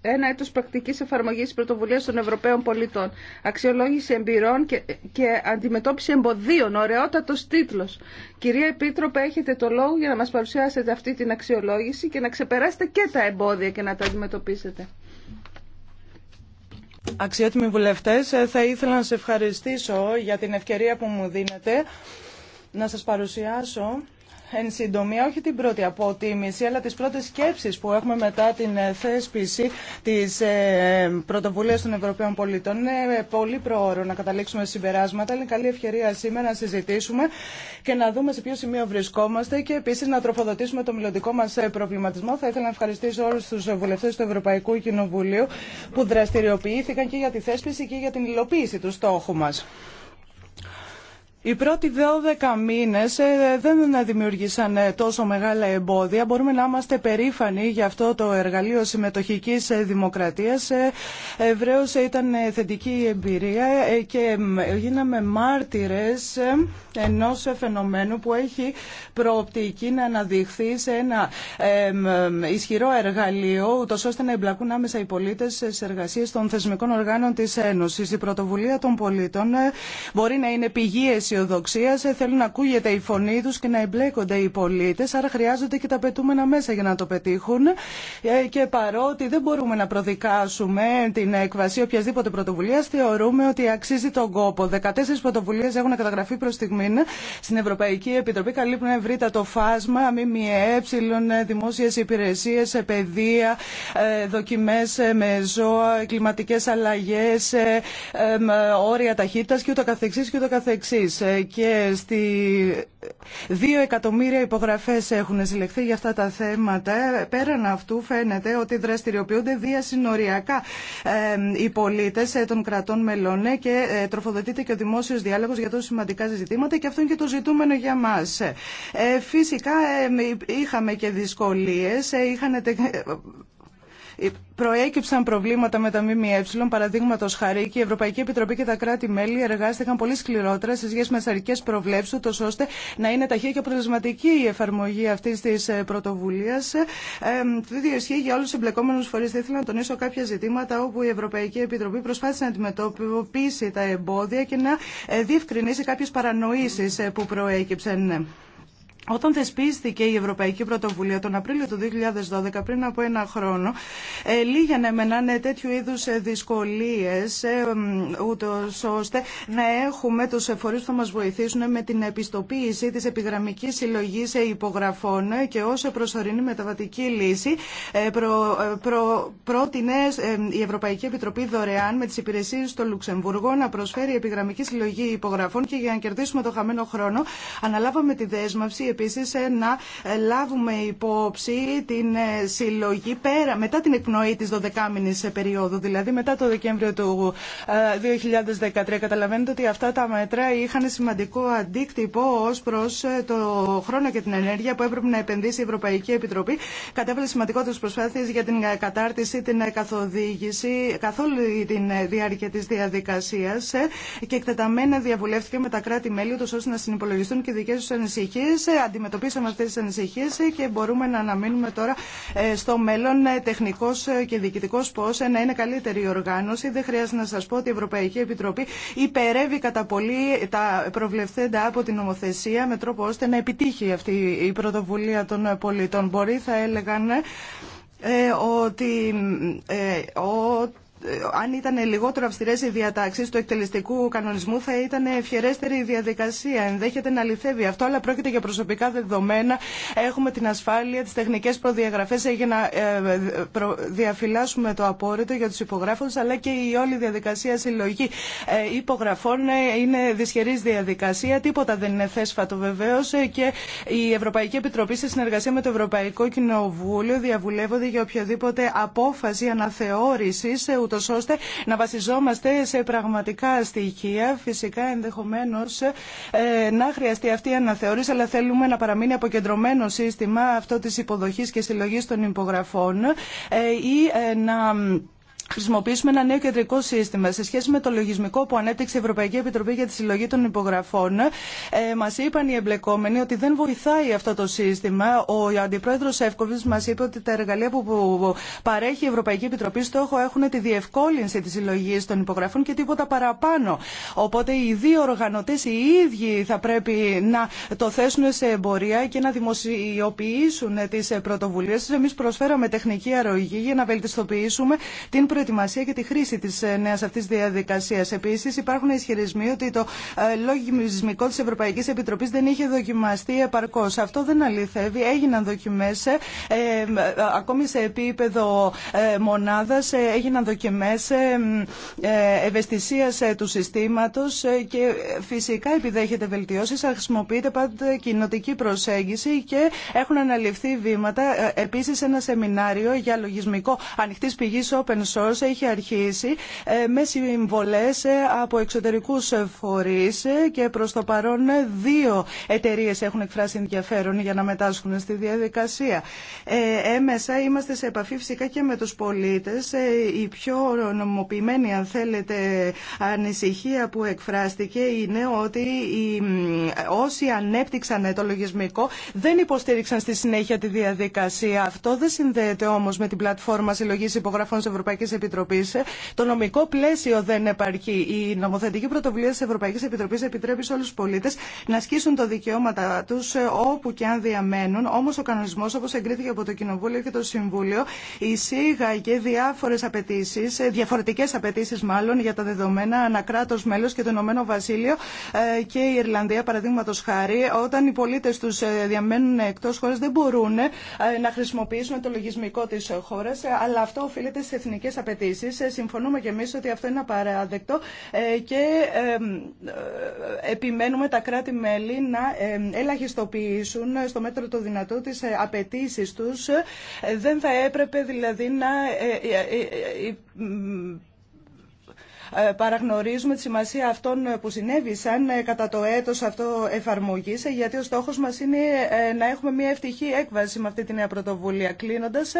ένα έτος πρακτικής εφαρμογής πρωτοβουλίας των Ευρωπαίων πολιτών. Αξιολόγηση εμπειρών και, και αντιμετώπιση εμποδίων. Ωραιότατος τίτλος. Κυρία Επίτροπε, έχετε το λόγο για να μας παρουσιάσετε αυτή την αξιολόγηση και να ξεπεράσετε και τα εμπόδια και να τα αντιμετωπίσετε. Αξιότιμοι βουλευτές, ε, θα ήθελα να σας ευχαριστήσω για την ευκαιρία που μου δίνετε να σας παρουσιάσω εν συντομία όχι την πρώτη αποτίμηση αλλά τις πρώτες σκέψεις που έχουμε μετά την ε, θέσπιση της ε, πρωτοβουλίας των Ευρωπαίων πολιτών. Είναι ε, πολύ προώρο να καταλήξουμε συμπεράσματα. Είναι καλή ευκαιρία σήμερα να συζητήσουμε και να δούμε σε ποιο σημείο βρισκόμαστε και επίσης να τροφοδοτήσουμε το μιλοντικό μας προβληματισμό. Θα ήθελα να ευχαριστήσω όλους τους βουλευτές του Ευρωπαϊκού Κοινοβουλίου που δραστηριοποιήθηκαν και για τη θέσπιση και για την υλοποίηση του στόχου μας. Οι πρώτοι 12 μήνες ε, δεν δημιουργήσαν ε, τόσο μεγάλα εμπόδια. Μπορούμε να είμαστε περήφανοι για αυτό το εργαλείο συμμετοχική ε, δημοκρατία. Ευρέως ήταν θετική η εμπειρία και γίναμε μάρτυρε ενό φαινομένου που έχει προοπτική να αναδειχθεί σε ένα ισχυρό εργαλείο, ούτω ώστε να εμπλακούν άμεσα οι πολίτε σε εργασίες των θεσμικών οργάνων τη Ένωση. Η πρωτοβουλία των πολίτων μπορεί να είναι πηγή αισιοδοξία ε, θέλουν να ακούγεται η φωνή του και να εμπλέκονται οι πολίτε. Άρα χρειάζονται και τα πετούμενα μέσα για να το πετύχουν. Ε, και παρότι δεν μπορούμε να προδικάσουμε την έκβαση οποιασδήποτε πρωτοβουλία, θεωρούμε ότι αξίζει τον κόπο. 14 πρωτοβουλίε έχουν καταγραφεί προ στιγμή στην Ευρωπαϊκή Επιτροπή. Καλύπτουν το φάσμα, ΜΜΕ, ε, δημόσιε υπηρεσίε, παιδεία, δοκιμέ με ζώα, κλιματικέ αλλαγέ, όρια ταχύτητα και και ούτω καθεξής. Ε, και στη Δύο εκατομμύρια υπογραφές έχουν συλλεχθεί για αυτά τα θέματα. Πέραν αυτού φαίνεται ότι δραστηριοποιούνται διασυνοριακά ε, οι πολίτες ε, των κρατών μελών και τροφοδοτείται και ο δημόσιος διάλογος για τόσο σημαντικά ζητήματα και αυτό είναι και το ζητούμενο για μας. Φυσικά είχαμε και δυσκολίες, είχαν ε, προέκυψαν προβλήματα με τα ΜΜΕ, παραδείγματο χαρή και η Ευρωπαϊκή Επιτροπή και τα κράτη-μέλη εργάστηκαν πολύ σκληρότερα σε σχέση με τι αρχικέ προβλέψει, ώστε να είναι ταχύα και αποτελεσματική η εφαρμογή αυτή τη ε, πρωτοβουλία. Ε, το ίδιο ισχύει για όλου του εμπλεκόμενου φορεί. Θα ήθελα να τονίσω κάποια ζητήματα όπου η Ευρωπαϊκή Επιτροπή προσπάθησε να αντιμετωπίσει τα εμπόδια και να διευκρινίσει κάποιε παρανοήσει που προέκυψαν. Όταν θεσπίστηκε η Ευρωπαϊκή Πρωτοβουλία τον Απρίλιο του 2012, πριν από ένα χρόνο, ε, λίγανε με έναν τέτοιου είδους ε, δυσκολίες, ε, ούτως ώστε να έχουμε τους φορείς που θα μας βοηθήσουν με την επιστοποίηση της επιγραμμικής συλλογής ε, υπογραφών ε, και ως προσωρινή μεταβατική λύση προ, προ, πρότεινε η Ευρωπαϊκή Επιτροπή δωρεάν με τις υπηρεσίες στο Λουξεμβούργο να προσφέρει επιγραμμική συλλογή υπογραφών και για να κερδίσουμε το χαμένο χρόνο αναλάβαμε τη δέσμευση επίσης ε, να ε, λάβουμε υπόψη την ε, συλλογή πέρα, μετά την εκπνοή της 12μηνης περίοδου, δηλαδή μετά το Δεκέμβριο του 2013. Καταλαβαίνετε ότι αυτά τα μέτρα είχαν σημαντικό αντίκτυπο ως προς το χρόνο και την ενέργεια που έπρεπε να επενδύσει η Ευρωπαϊκή Επιτροπή. Κατέβαλε σημαντικότερες προσπάθειες για την κατάρτιση, την καθοδήγηση, καθόλου την διάρκεια της διαδικασίας και εκτεταμένα διαβουλεύτηκε με τα κράτη-μέλη, ώστε να συνυπολογιστούν και δικέ του ανησυχίε αντιμετωπίσαμε αυτές τις ανησυχίες και μπορούμε να αναμείνουμε τώρα ε, στο μέλλον ε, τεχνικός ε, και διοικητικός πώς να είναι καλύτερη η οργάνωση. Δεν χρειάζεται να σας πω ότι η Ευρωπαϊκή Επιτροπή υπερεύει κατά πολύ τα προβλεφθέντα από την νομοθεσία με τρόπο ώστε να επιτύχει αυτή η πρωτοβουλία των πολιτών. Μπορεί θα έλεγαν ότι αν ήταν λιγότερο αυστηρέ οι διατάξει του εκτελεστικού κανονισμού, θα ήταν ευχερέστερη η διαδικασία. Ενδέχεται να αληθεύει αυτό, αλλά πρόκειται για προσωπικά δεδομένα. Έχουμε την ασφάλεια, τι τεχνικέ προδιαγραφέ για να ε, διαφυλάσσουμε το απόρριτο για του υπογράφου, αλλά και η όλη διαδικασία συλλογή ε, υπογραφών ε, είναι δυσχερή διαδικασία. Τίποτα δεν είναι θέσφατο βεβαίω και η Ευρωπαϊκή Επιτροπή σε συνεργασία με το Ευρωπαϊκό Κοινοβούλιο διαβουλεύονται για οποιαδήποτε απόφαση αναθεώρηση ούτω ώστε να βασιζόμαστε σε πραγματικά στοιχεία. Φυσικά ενδεχομένω ε, να χρειαστεί αυτή η αναθεώρηση, αλλά θέλουμε να παραμείνει αποκεντρωμένο σύστημα αυτό τη υποδοχή και συλλογή των υπογραφών ε, ή ε, να χρησιμοποιήσουμε ένα νέο κεντρικό σύστημα. Σε σχέση με το λογισμικό που ανέπτυξε η Ευρωπαϊκή Επιτροπή για τη συλλογή των υπογραφών, ε, μα είπαν οι εμπλεκόμενοι ότι δεν βοηθάει αυτό το σύστημα. Ο αντιπρόεδρο Εύκοβη μα είπε ότι τα εργαλεία που, παρέχει η Ευρωπαϊκή Επιτροπή στόχο έχουν τη διευκόλυνση τη συλλογή των υπογραφών και τίποτα παραπάνω. Οπότε οι δύο οργανωτέ οι ίδιοι θα πρέπει να το θέσουν σε εμπορία και να δημοσιοποιήσουν τι πρωτοβουλίε. Εμεί προσφέραμε τεχνική αρρωγή για να βελτιστοποιήσουμε την προετοιμασία και τη χρήση της ε, νέας αυτής διαδικασία. Επίση, υπάρχουν ισχυρισμοί ότι το ε, λογισμικό τη Ευρωπαϊκή Επιτροπής δεν είχε δοκιμαστεί επαρκώ. Αυτό δεν αληθεύει. Έγιναν δοκιμέ, ε, ακόμη σε επίπεδο ε, μονάδας, έγιναν δοκιμές ευαισθησίας του συστήματος και φυσικά επιδέχεται βελτιώσει, χρησιμοποιείται πάντα κοινοτική προσέγγιση και έχουν αναλυφθεί βήματα. Επίση, ένα σεμινάριο για λογισμικό ανοιχτή πηγή open source έχει αρχίσει ε, με συμβολές ε, από εξωτερικούς φορείς ε, και προς το παρόν δύο εταιρείε έχουν εκφράσει ενδιαφέρον για να μετάσχουν στη διαδικασία. Έμεσα είμαστε σε επαφή φυσικά και με τους πολίτες. Η πιο νομοποιημένη αν θέλετε ανησυχία που εκφράστηκε είναι ότι οι, όσοι ανέπτυξαν το λογισμικό δεν υποστήριξαν στη συνέχεια τη διαδικασία. Αυτό δεν συνδέεται όμως με την πλατφόρμα συλλογής υπογραφών της Ευρωπαϊκής Επιτροπή. Το νομικό πλαίσιο δεν επαρκεί. Η νομοθετική πρωτοβουλία τη Ευρωπαϊκή Επιτροπή επιτρέπει σε όλου του πολίτε να ασκήσουν τα δικαιώματα του όπου και αν διαμένουν. Όμω ο κανονισμό, όπω εγκρίθηκε από το Κοινοβούλιο και το Συμβούλιο, εισήγαγε διάφορε απαιτήσει, διαφορετικέ απαιτήσει μάλλον, για τα δεδομένα ανακράτο μέλο και το Ηνωμένο Βασίλειο ε, και η Ιρλανδία, παραδείγματο χάρη, όταν οι πολίτε του ε, διαμένουν εκτό χώρα δεν μπορούν ε, να χρησιμοποιήσουν το λογισμικό τη χώρα, αλλά αυτό οφείλεται σε εθνικέ απαιτήσει απαιτήσει. Ε, συμφωνούμε και εμεί ότι αυτό είναι απαράδεκτο ε, και ε, επιμένουμε τα κράτη-μέλη να ελαχιστοποιήσουν στο μέτρο του δυνατού τι απαιτήσει του. Δεν θα έπρεπε δηλαδή να ε, παραγνωρίζουμε τη σημασία αυτών ε, που συνέβησαν ε, κατά το έτος αυτό εφαρμογή γιατί ο στόχος μας είναι να έχουμε μια ευτυχή έκβαση με αυτή τη νέα πρωτοβουλία. Κλείνοντας,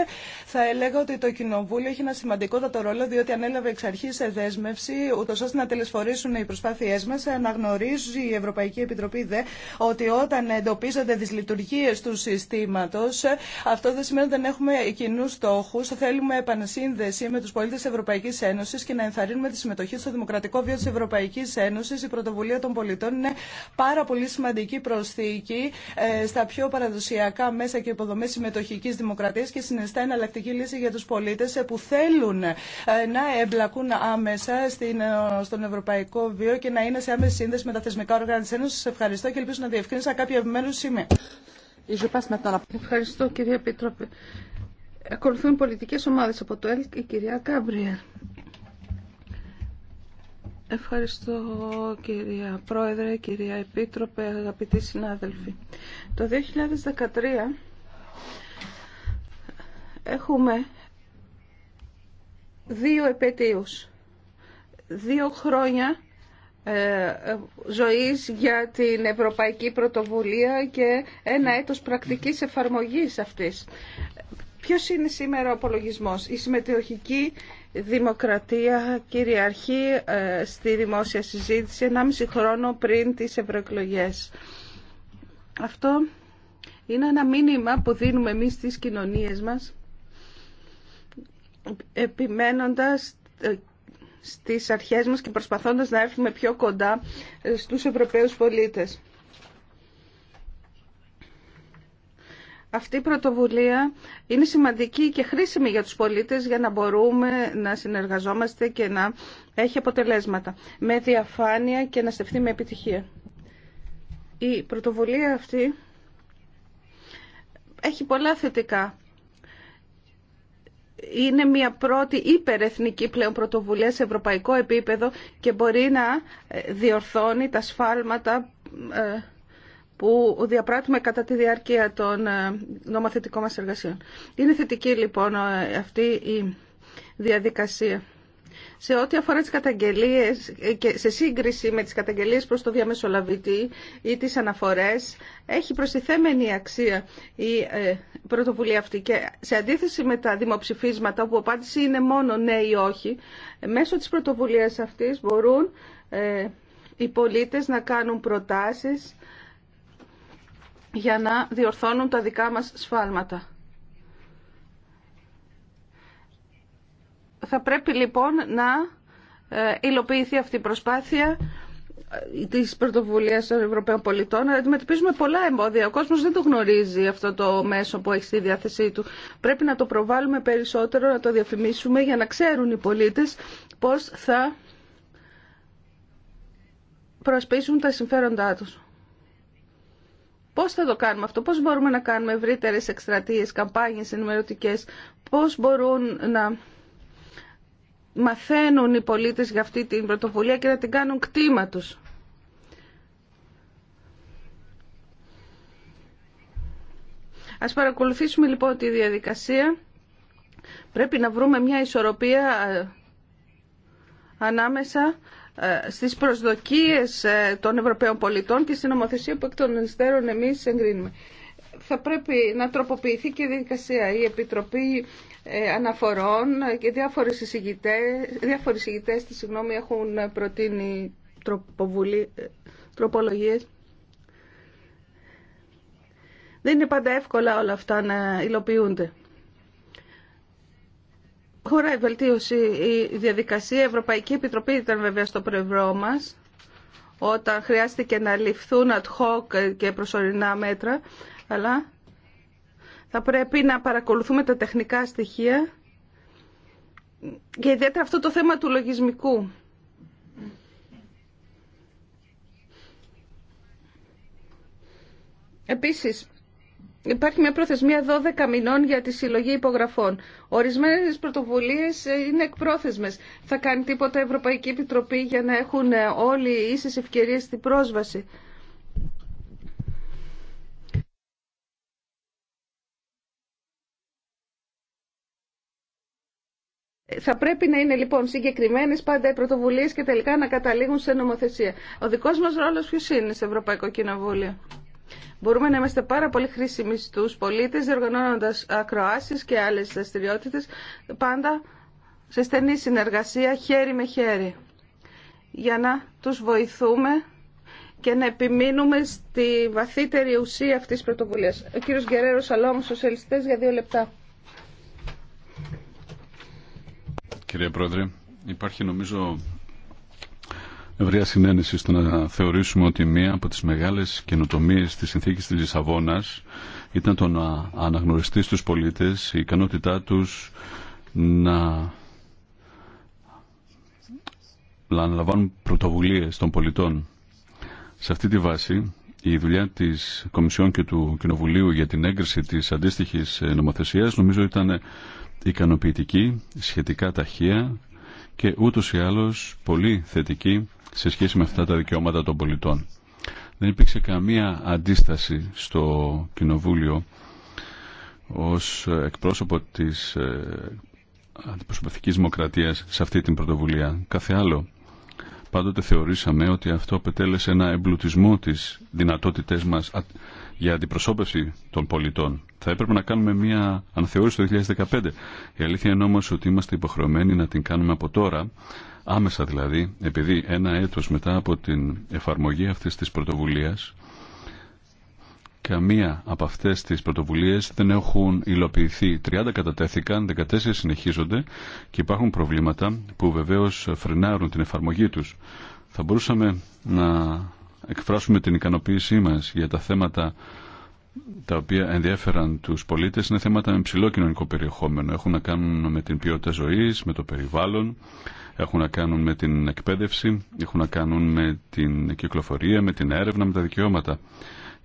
θα έλεγα ότι το Κοινοβούλιο έχει ένα σημαντικότατο ρόλο, διότι ανέλαβε εξ αρχή σε δέσμευση, ούτω ώστε να τελεσφορήσουν οι προσπάθειές μας. Αναγνωρίζει η Ευρωπαϊκή Επιτροπή ΔΕ ότι όταν εντοπίζονται δυσλειτουργίες του συστήματος, αυτό δεν σημαίνει ότι δεν έχουμε κοινού στόχου. Θέλουμε επανασύνδεση με του πολίτε Ευρωπαϊκή Ένωση και να ενθαρρύνουμε τη συμμετοχή συμμετοχή στο δημοκρατικό βίο τη Ευρωπαϊκή Ένωση. Η πρωτοβουλία των πολιτών είναι πάρα πολύ σημαντική προσθήκη ε, στα πιο παραδοσιακά μέσα και υποδομέ συμμετοχική δημοκρατία και συνιστά εναλλακτική λύση για του πολίτε ε, που θέλουν ε, να εμπλακούν άμεσα στον ευρωπαϊκό βίο και να είναι σε άμεση σύνδεση με τα θεσμικά όργανα τη Ένωση. Σα ευχαριστώ και ελπίζω να διευκρίνησα κάποια επιμέρου σημεία. Ευχαριστώ κυρία Επίτροπε. Ακολουθούν πολιτικές ομάδες από το ΕΛΚ η κυρία Κάμπριερ. Ευχαριστώ κυρία Πρόεδρε, κυρία Επίτροπε, αγαπητοί συνάδελφοι. Το 2013 έχουμε δύο επαιτίους. Δύο χρόνια ε, ε, ζωής για την Ευρωπαϊκή Πρωτοβουλία και ένα έτος πρακτικής εφαρμογής αυτής. Ποιος είναι σήμερα ο απολογισμός. Η συμμετοχική δημοκρατία κυριαρχεί ε, στη δημόσια συζήτηση 1,5 χρόνο πριν τις ευρωεκλογέ. Αυτό είναι ένα μήνυμα που δίνουμε εμείς στις κοινωνίες μας επιμένοντας ε, στις αρχές μας και προσπαθώντας να έρθουμε πιο κοντά ε, στους Ευρωπαίους πολίτες. Αυτή η πρωτοβουλία είναι σημαντική και χρήσιμη για τους πολίτες για να μπορούμε να συνεργαζόμαστε και να έχει αποτελέσματα με διαφάνεια και να στεφθεί με επιτυχία. Η πρωτοβουλία αυτή έχει πολλά θετικά. Είναι μια πρώτη υπερεθνική πλέον πρωτοβουλία σε ευρωπαϊκό επίπεδο και μπορεί να ε, διορθώνει τα σφάλματα ε, που διαπράττουμε κατά τη διάρκεια των ε, νομοθετικών μας εργασιών. Είναι θετική λοιπόν ε, αυτή η διαδικασία. Σε ό,τι αφορά τις καταγγελίες ε, και σε σύγκριση με τις καταγγελίες προς το διαμεσολαβητή ή τις αναφορές, έχει προστιθέμενη αξία η πρωτοβουλία αυτή και σε αντίθεση με τα δημοψηφίσματα όπου η απάντηση είναι μόνο ναι ή όχι, μέσω της πρωτοβουλίας αυτής μπορούν οι πολίτες να κάνουν προτάσεις για να διορθώνουν τα δικά μας σφάλματα. Θα πρέπει λοιπόν να ε, υλοποιηθεί αυτή η προσπάθεια ε, τη πρωτοβουλία των Ευρωπαίων πολιτών. Αντιμετωπίζουμε πολλά εμπόδια. Ο κόσμο δεν το γνωρίζει αυτό το μέσο που έχει στη διάθεσή του. Πρέπει να το προβάλλουμε περισσότερο, να το διαφημίσουμε για να ξέρουν οι πολίτε πώ θα προσπίσουν τα συμφέροντά τους. Πώς θα το κάνουμε αυτό, πώς μπορούμε να κάνουμε ευρύτερε εκστρατείε, καμπάνιες ενημερωτικέ, πώς μπορούν να μαθαίνουν οι πολίτες για αυτή την πρωτοβουλία και να την κάνουν κτήμα τους. Ας παρακολουθήσουμε λοιπόν τη διαδικασία. Πρέπει να βρούμε μια ισορροπία ε, ανάμεσα ε, στις προσδοκίες ε, των Ευρωπαίων πολιτών και στην νομοθεσία που εκ των ενστέρων εμείς εγκρίνουμε. Θα πρέπει να τροποποιηθεί και η διαδικασία. Η Επιτροπή ε, Αναφορών και διάφορες εισηγητές τη συγγνώμη, έχουν προτείνει τροπολογίες. Δεν είναι πάντα εύκολα όλα αυτά να υλοποιούνται. Χώρα η βελτίωση, η διαδικασία, η Ευρωπαϊκή Επιτροπή ήταν βέβαια στο πλευρό μα. όταν χρειάστηκε να ληφθούν ad hoc και προσωρινά μέτρα, αλλά θα πρέπει να παρακολουθούμε τα τεχνικά στοιχεία και ιδιαίτερα αυτό το θέμα του λογισμικού. Επίσης, Υπάρχει μια προθεσμία 12 μηνών για τη συλλογή υπογραφών. Ορισμένε πρωτοβουλίε είναι εκπρόθεσμε. Θα κάνει τίποτα η Ευρωπαϊκή Επιτροπή για να έχουν όλοι οι ίσε ευκαιρίε στην πρόσβαση. Θα πρέπει να είναι λοιπόν συγκεκριμένε πάντα οι πρωτοβουλίε και τελικά να καταλήγουν σε νομοθεσία. Ο δικό μα ρόλο ποιο είναι σε Ευρωπαϊκό Κοινοβούλιο. Μπορούμε να είμαστε πάρα πολύ χρήσιμοι στους πολίτες, διοργανώνοντας ακροάσεις και άλλες δραστηριότητε, πάντα σε στενή συνεργασία, χέρι με χέρι, για να τους βοηθούμε και να επιμείνουμε στη βαθύτερη ουσία αυτής της πρωτοβουλίας. Ο κύριος Γκερέρος Σαλόμου, σοσιαλιστές, για δύο λεπτά. Κύριε Πρόεδρε, υπάρχει νομίζω ευρεία συνένεση στο να θεωρήσουμε ότι μία από τις μεγάλες καινοτομίε της συνθήκης της Λισαβόνα ήταν το να αναγνωριστεί στους πολίτες η ικανότητά τους να να αναλαμβάνουν πρωτοβουλίες των πολιτών. Σε αυτή τη βάση, η δουλειά της Κομισιόν και του Κοινοβουλίου για την έγκριση της αντίστοιχη ε, νομοθεσίας νομίζω ήταν ικανοποιητική, σχετικά ταχεία και ούτως ή άλλως πολύ θετική σε σχέση με αυτά τα δικαιώματα των πολιτών. Δεν υπήρξε καμία αντίσταση στο Κοινοβούλιο ως εκπρόσωπο της ε, αντιπροσωπευτικής δημοκρατίας σε αυτή την πρωτοβουλία. Κάθε άλλο, πάντοτε θεωρήσαμε ότι αυτό πετέλεσε ένα εμπλουτισμό της δυνατότητές μας για αντιπροσώπευση των πολιτών. Θα έπρεπε να κάνουμε μια αναθεώρηση το 2015. Η αλήθεια είναι όμως ότι είμαστε υποχρεωμένοι να την κάνουμε από τώρα, Άμεσα δηλαδή, επειδή ένα έτος μετά από την εφαρμογή αυτής της πρωτοβουλίας, καμία από αυτές τις πρωτοβουλίες δεν έχουν υλοποιηθεί. 30 κατατέθηκαν, 14 συνεχίζονται και υπάρχουν προβλήματα που βεβαίως φρενάρουν την εφαρμογή τους. Θα μπορούσαμε να εκφράσουμε την ικανοποίησή μας για τα θέματα τα οποία ενδιέφεραν τους πολίτες είναι θέματα με ψηλό κοινωνικό περιεχόμενο. Έχουν να κάνουν με την ποιότητα ζωής, με το περιβάλλον, έχουν να κάνουν με την εκπαίδευση, έχουν να κάνουν με την κυκλοφορία, με την έρευνα, με τα δικαιώματα.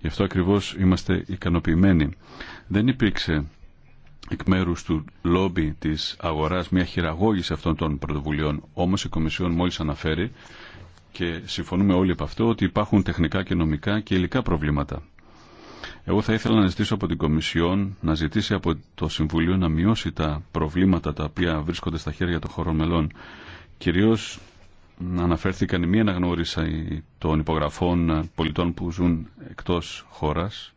Γι' αυτό ακριβώς είμαστε ικανοποιημένοι. Δεν υπήρξε εκ μέρου του λόμπι της αγοράς μια χειραγώγηση αυτών των πρωτοβουλειών. Όμως η Κομισιόν μόλις αναφέρει και συμφωνούμε όλοι από αυτό ότι υπάρχουν τεχνικά και νομικά και υλικά προβλήματα. Εγώ θα ήθελα να ζητήσω από την Κομισιόν να ζητήσει από το Συμβουλίο να μειώσει τα προβλήματα τα οποία βρίσκονται στα χέρια των χωρών μελών. Κυρίως αναφέρθηκαν η να αναγνώριση των υπογραφών πολιτών που ζουν εκτός χώρας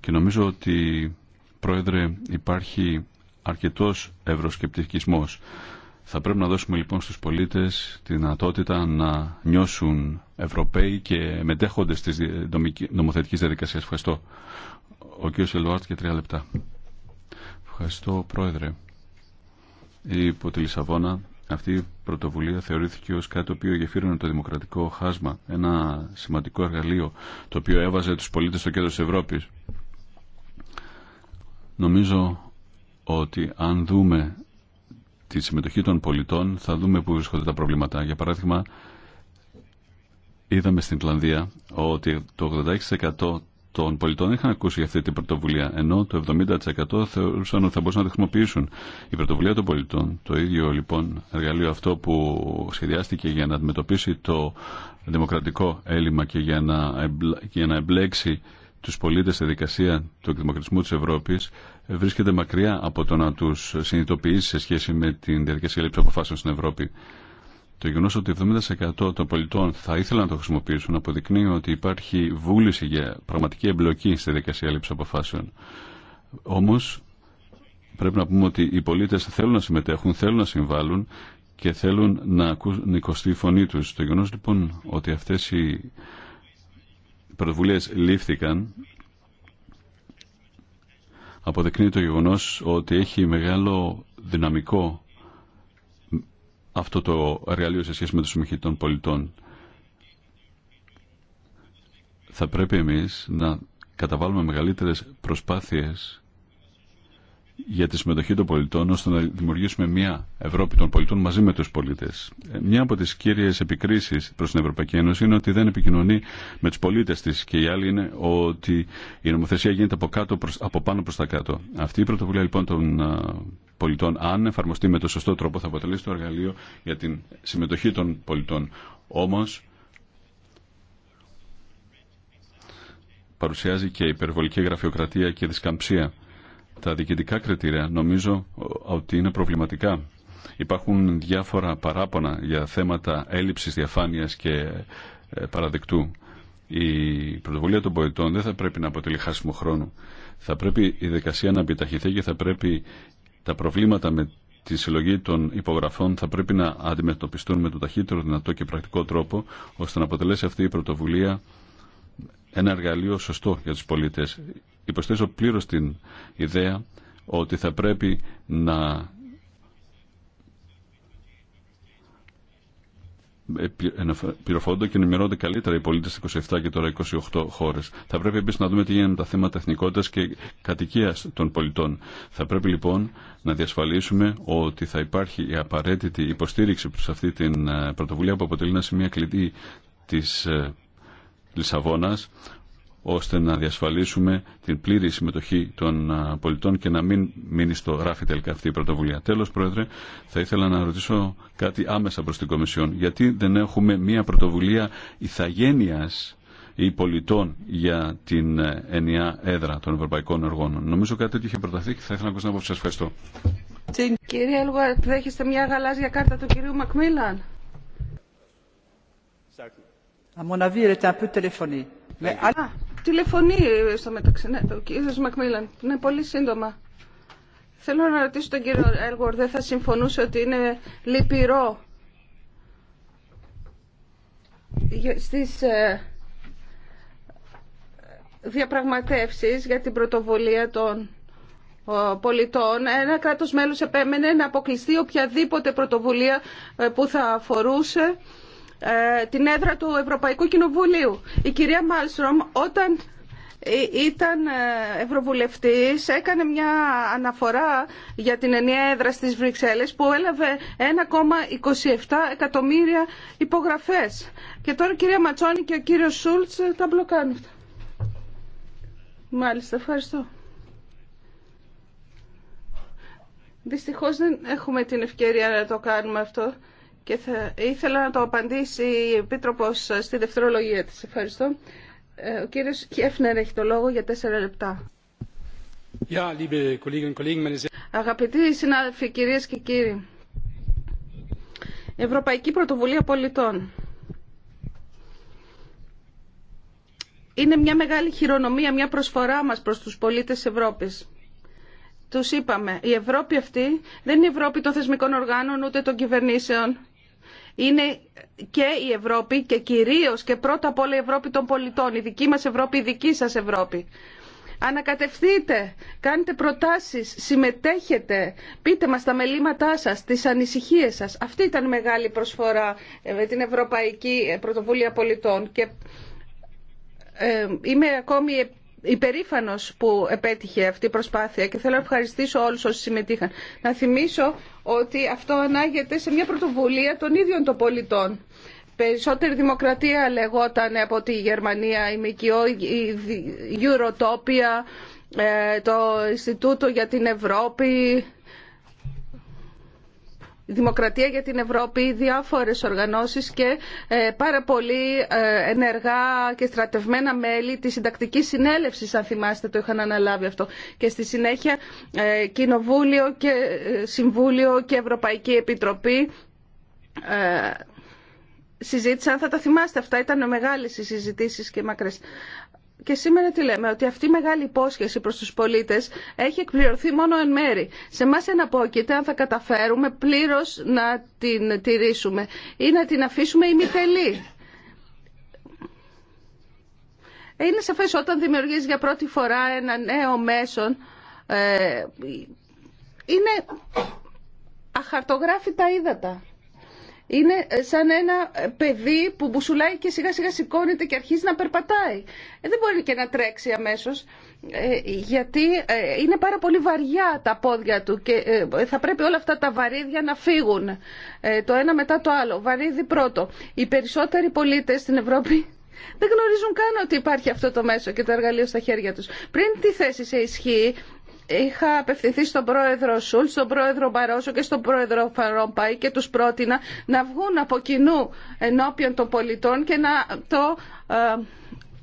και νομίζω ότι Πρόεδρε υπάρχει αρκετός ευροσκεπτικισμός. Θα πρέπει να δώσουμε λοιπόν στους πολίτες τη δυνατότητα να νιώσουν Ευρωπαίοι και μετέχοντες της νομοθετικής διαδικασίας. Ευχαριστώ. Ο κ. Ελουάρτ και τρία λεπτά. Ευχαριστώ Πρόεδρε υπό τη Λισαβόνα αυτή η πρωτοβουλία θεωρήθηκε ως κάτι το οποίο γεφύρωνε το δημοκρατικό χάσμα, ένα σημαντικό εργαλείο το οποίο έβαζε τους πολίτες στο κέντρο της Ευρώπης. Νομίζω ότι αν δούμε τη συμμετοχή των πολιτών θα δούμε πού βρίσκονται τα προβλήματα. Για παράδειγμα, είδαμε στην Ιρλανδία ότι το 86% των πολιτών είχαν ακούσει για αυτή την πρωτοβουλία, ενώ το 70% θεωρούσαν ότι θα μπορούσαν να τη χρησιμοποιήσουν. Η πρωτοβουλία των πολιτών, το ίδιο λοιπόν εργαλείο αυτό που σχεδιάστηκε για να αντιμετωπίσει το δημοκρατικό έλλειμμα και για να, για να εμπλέξει τους πολίτες στη δικασία του εκδημοκρατισμού της Ευρώπης βρίσκεται μακριά από το να του συνειδητοποιήσει σε σχέση με την διαδικασία λήψη αποφάσεων στην Ευρώπη. Το γεγονό ότι 70% των πολιτών θα ήθελαν να το χρησιμοποιήσουν αποδεικνύει ότι υπάρχει βούληση για πραγματική εμπλοκή στη δικασία λήψη αποφάσεων. Όμω πρέπει να πούμε ότι οι πολίτε θέλουν να συμμετέχουν, θέλουν να συμβάλλουν και θέλουν να ακούσουν η φωνή του. Το γεγονό λοιπόν ότι αυτέ οι πρωτοβουλίε λήφθηκαν αποδεικνύει το γεγονό ότι έχει μεγάλο δυναμικό αυτό το εργαλείο σε σχέση με τους ομιχοί των πολιτών. Θα πρέπει εμείς να καταβάλουμε μεγαλύτερες προσπάθειες για τη συμμετοχή των πολιτών ώστε να δημιουργήσουμε μια Ευρώπη των πολιτών μαζί με τους πολίτες. Ε, μια από τις κύριες επικρίσεις προς την Ευρωπαϊκή Ένωση είναι ότι δεν επικοινωνεί με τους πολίτες της και η άλλη είναι ότι η νομοθεσία γίνεται από, κάτω προς, από πάνω προς τα κάτω. Αυτή η πρωτοβουλία λοιπόν των ε, πολιτών, αν εφαρμοστεί με το σωστό τρόπο, θα αποτελεί το εργαλείο για την συμμετοχή των πολιτών. Όμως, παρουσιάζει και υπερβολική γραφειοκρατία και δισκαμψία τα διοικητικά κριτήρια νομίζω ότι είναι προβληματικά. Υπάρχουν διάφορα παράπονα για θέματα έλλειψης διαφάνειας και ε, παραδεκτού. Η πρωτοβουλία των πολιτών δεν θα πρέπει να αποτελεί χάσιμο χρόνο. Θα πρέπει η δικασία να επιταχυθεί και θα πρέπει τα προβλήματα με τη συλλογή των υπογραφών θα πρέπει να αντιμετωπιστούν με το ταχύτερο δυνατό και πρακτικό τρόπο, ώστε να αποτελέσει αυτή η πρωτοβουλία ένα εργαλείο σωστό για τους πολίτες υποστηρίζω πλήρως την ιδέα ότι θα πρέπει να πληροφορούνται και ενημερώνται καλύτερα οι πολίτε 27 και τώρα 28 χώρε. Θα πρέπει επίση να δούμε τι γίνεται με τα θέματα εθνικότητα και κατοικία των πολιτών. Θα πρέπει λοιπόν να διασφαλίσουμε ότι θα υπάρχει η απαραίτητη υποστήριξη προ αυτή την ε, πρωτοβουλία που αποτελεί ένα σημείο κλειδί τη ε, Λισαβόνα, ώστε να διασφαλίσουμε την πλήρη συμμετοχή των πολιτών και να μην μείνει στο γράφει τελικά αυτή η πρωτοβουλία. Τέλος, Πρόεδρε, θα ήθελα να ρωτήσω κάτι άμεσα προς την Κομισιόν. Γιατί δεν έχουμε μια πρωτοβουλία ηθαγένειας ή πολιτών για την ε, ενιαία έδρα των ευρωπαϊκών εργών. Νομίζω κάτι τέτοιο είχε προταθεί και θα ήθελα να ακούσω σας. Ευχαριστώ. Κύριε μια γαλάζια κάρτα του κυρίου Τηλεφωνεί στο μεταξύ. Ναι, το κύριο Μακμίλαν. Ναι, πολύ σύντομα. Θέλω να ρωτήσω τον κύριο Έλγορ, δεν θα συμφωνούσε ότι είναι λυπηρό στις ε, διαπραγματεύσεις για την πρωτοβουλία των πολιτών. Ένα κράτος μέλος επέμενε να αποκλειστεί οποιαδήποτε πρωτοβουλία ε, που θα αφορούσε ε, την έδρα του Ευρωπαϊκού Κοινοβουλίου. Η κυρία Μάλστρομ όταν ε, ήταν ε, ευρωβουλευτής, έκανε μια αναφορά για την ενιαία έδρα στις Βρυξέλλες που έλαβε 1,27 εκατομμύρια υπογραφές. Και τώρα η κυρία Ματσόνη και ο κύριος Σούλτς τα μπλοκάνουν Μάλιστα, ευχαριστώ. Δυστυχώς δεν έχουμε την ευκαιρία να το κάνουμε αυτό και θα ήθελα να το απαντήσει η Επίτροπος στη δευτερολογία της. Ευχαριστώ. Ε, ο κύριος Κιέφνερ έχει το λόγο για τέσσερα λεπτά. liebe Αγαπητοί συνάδελφοι, κυρίες και κύριοι, Ευρωπαϊκή Πρωτοβουλία Πολιτών είναι μια μεγάλη χειρονομία, μια προσφορά μας προς τους πολίτες Ευρώπης. Τους είπαμε, η Ευρώπη αυτή δεν είναι η Ευρώπη των θεσμικών οργάνων ούτε των κυβερνήσεων είναι και η Ευρώπη και κυρίως και πρώτα απ' όλα η Ευρώπη των πολιτών, η δική μας Ευρώπη, η δική σας Ευρώπη. Ανακατευθείτε, κάντε προτάσεις, συμμετέχετε, πείτε μας τα μελήματά σας, τις ανησυχίες σας. Αυτή ήταν μεγάλη προσφορά ε, με την Ευρωπαϊκή Πρωτοβουλία Πολιτών και ε, είμαι ακόμη υπερήφανο που επέτυχε αυτή η προσπάθεια και θέλω να ευχαριστήσω όλους όσοι συμμετείχαν. Να θυμίσω ότι αυτό ανάγεται σε μια πρωτοβουλία των ίδιων των πολιτών. Περισσότερη δημοκρατία λεγόταν από τη Γερμανία, η ΜΚΟ, η Eurotopia, ε, το Ινστιτούτο για την Ευρώπη, Δημοκρατία για την Ευρώπη, διάφορες οργανώσεις και ε, πάρα πολύ ε, ενεργά και στρατευμένα μέλη της συντακτική συνέλευσης, αν θυμάστε, το είχαν αναλάβει αυτό. Και στη συνέχεια ε, Κοινοβούλιο και Συμβούλιο και Ευρωπαϊκή Επιτροπή συζήτησαν, θα τα θυμάστε αυτά, ήταν μεγάλες οι συζητήσεις και μακρές και σήμερα τι λέμε, ότι αυτή η μεγάλη υπόσχεση προς τους πολίτες έχει εκπληρωθεί μόνο εν μέρη. Σε εμά εναπόκειται αν θα καταφέρουμε πλήρως να την τηρήσουμε ή να την αφήσουμε ημιτελή. Είναι σαφές όταν δημιουργείς για πρώτη φορά ένα νέο μέσον, ε, είναι αχαρτογράφητα ύδατα. Είναι ε, σαν ένα ε, παιδί που μπουσουλάει και σιγά σιγά σηκώνεται και αρχίζει να περπατάει. Ε, δεν μπορεί και να τρέξει αμέσως γιατί είναι πάρα πολύ βαριά τα πόδια του και θα πρέπει όλα αυτά τα βαρύδια να φύγουν το ένα μετά το άλλο. Βαρύδι πρώτο. Οι περισσότεροι πολίτες στην Ευρώπη δεν γνωρίζουν καν ότι υπάρχει αυτό το μέσο και το εργαλείο στα χέρια τους. Πριν τη θέση σε ισχύ, Είχα απευθυνθεί στον πρόεδρο Σουλ, στον πρόεδρο Μπαρόσο και στον πρόεδρο Φαρόμπαϊ και τους πρότεινα να βγουν από κοινού ενώπιον των πολιτών και να το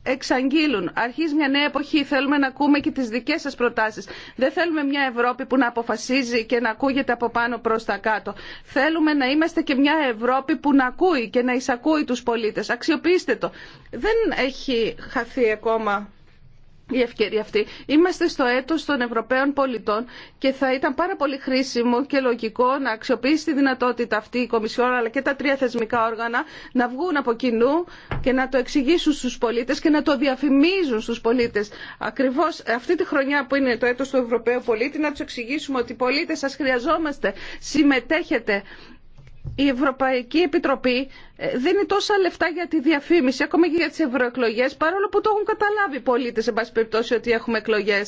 ε, εξαγγείλουν. Αρχίζει μια νέα εποχή. Θέλουμε να ακούμε και τις δικές σας προτάσεις. Δεν θέλουμε μια Ευρώπη που να αποφασίζει και να ακούγεται από πάνω προς τα κάτω. Θέλουμε να είμαστε και μια Ευρώπη που να ακούει και να εισακούει τους πολίτες. Αξιοποιήστε το. Δεν έχει χαθεί ακόμα η ευκαιρία αυτή. Είμαστε στο έτος των Ευρωπαίων πολιτών και θα ήταν πάρα πολύ χρήσιμο και λογικό να αξιοποιήσει τη δυνατότητα αυτή η Κομισιόν αλλά και τα τρία θεσμικά όργανα να βγουν από κοινού και να το εξηγήσουν στους πολίτες και να το διαφημίζουν στους πολίτες. Ακριβώς αυτή τη χρονιά που είναι το έτος του Ευρωπαίου πολίτη να τους εξηγήσουμε ότι οι πολίτες σας χρειαζόμαστε, συμμετέχετε η Ευρωπαϊκή Επιτροπή ε, δίνει τόσα λεφτά για τη διαφήμιση, ακόμα και για τις ευρωεκλογέ, παρόλο που το έχουν καταλάβει οι πολίτες, εν πάση περιπτώσει, ότι έχουμε εκλογέ.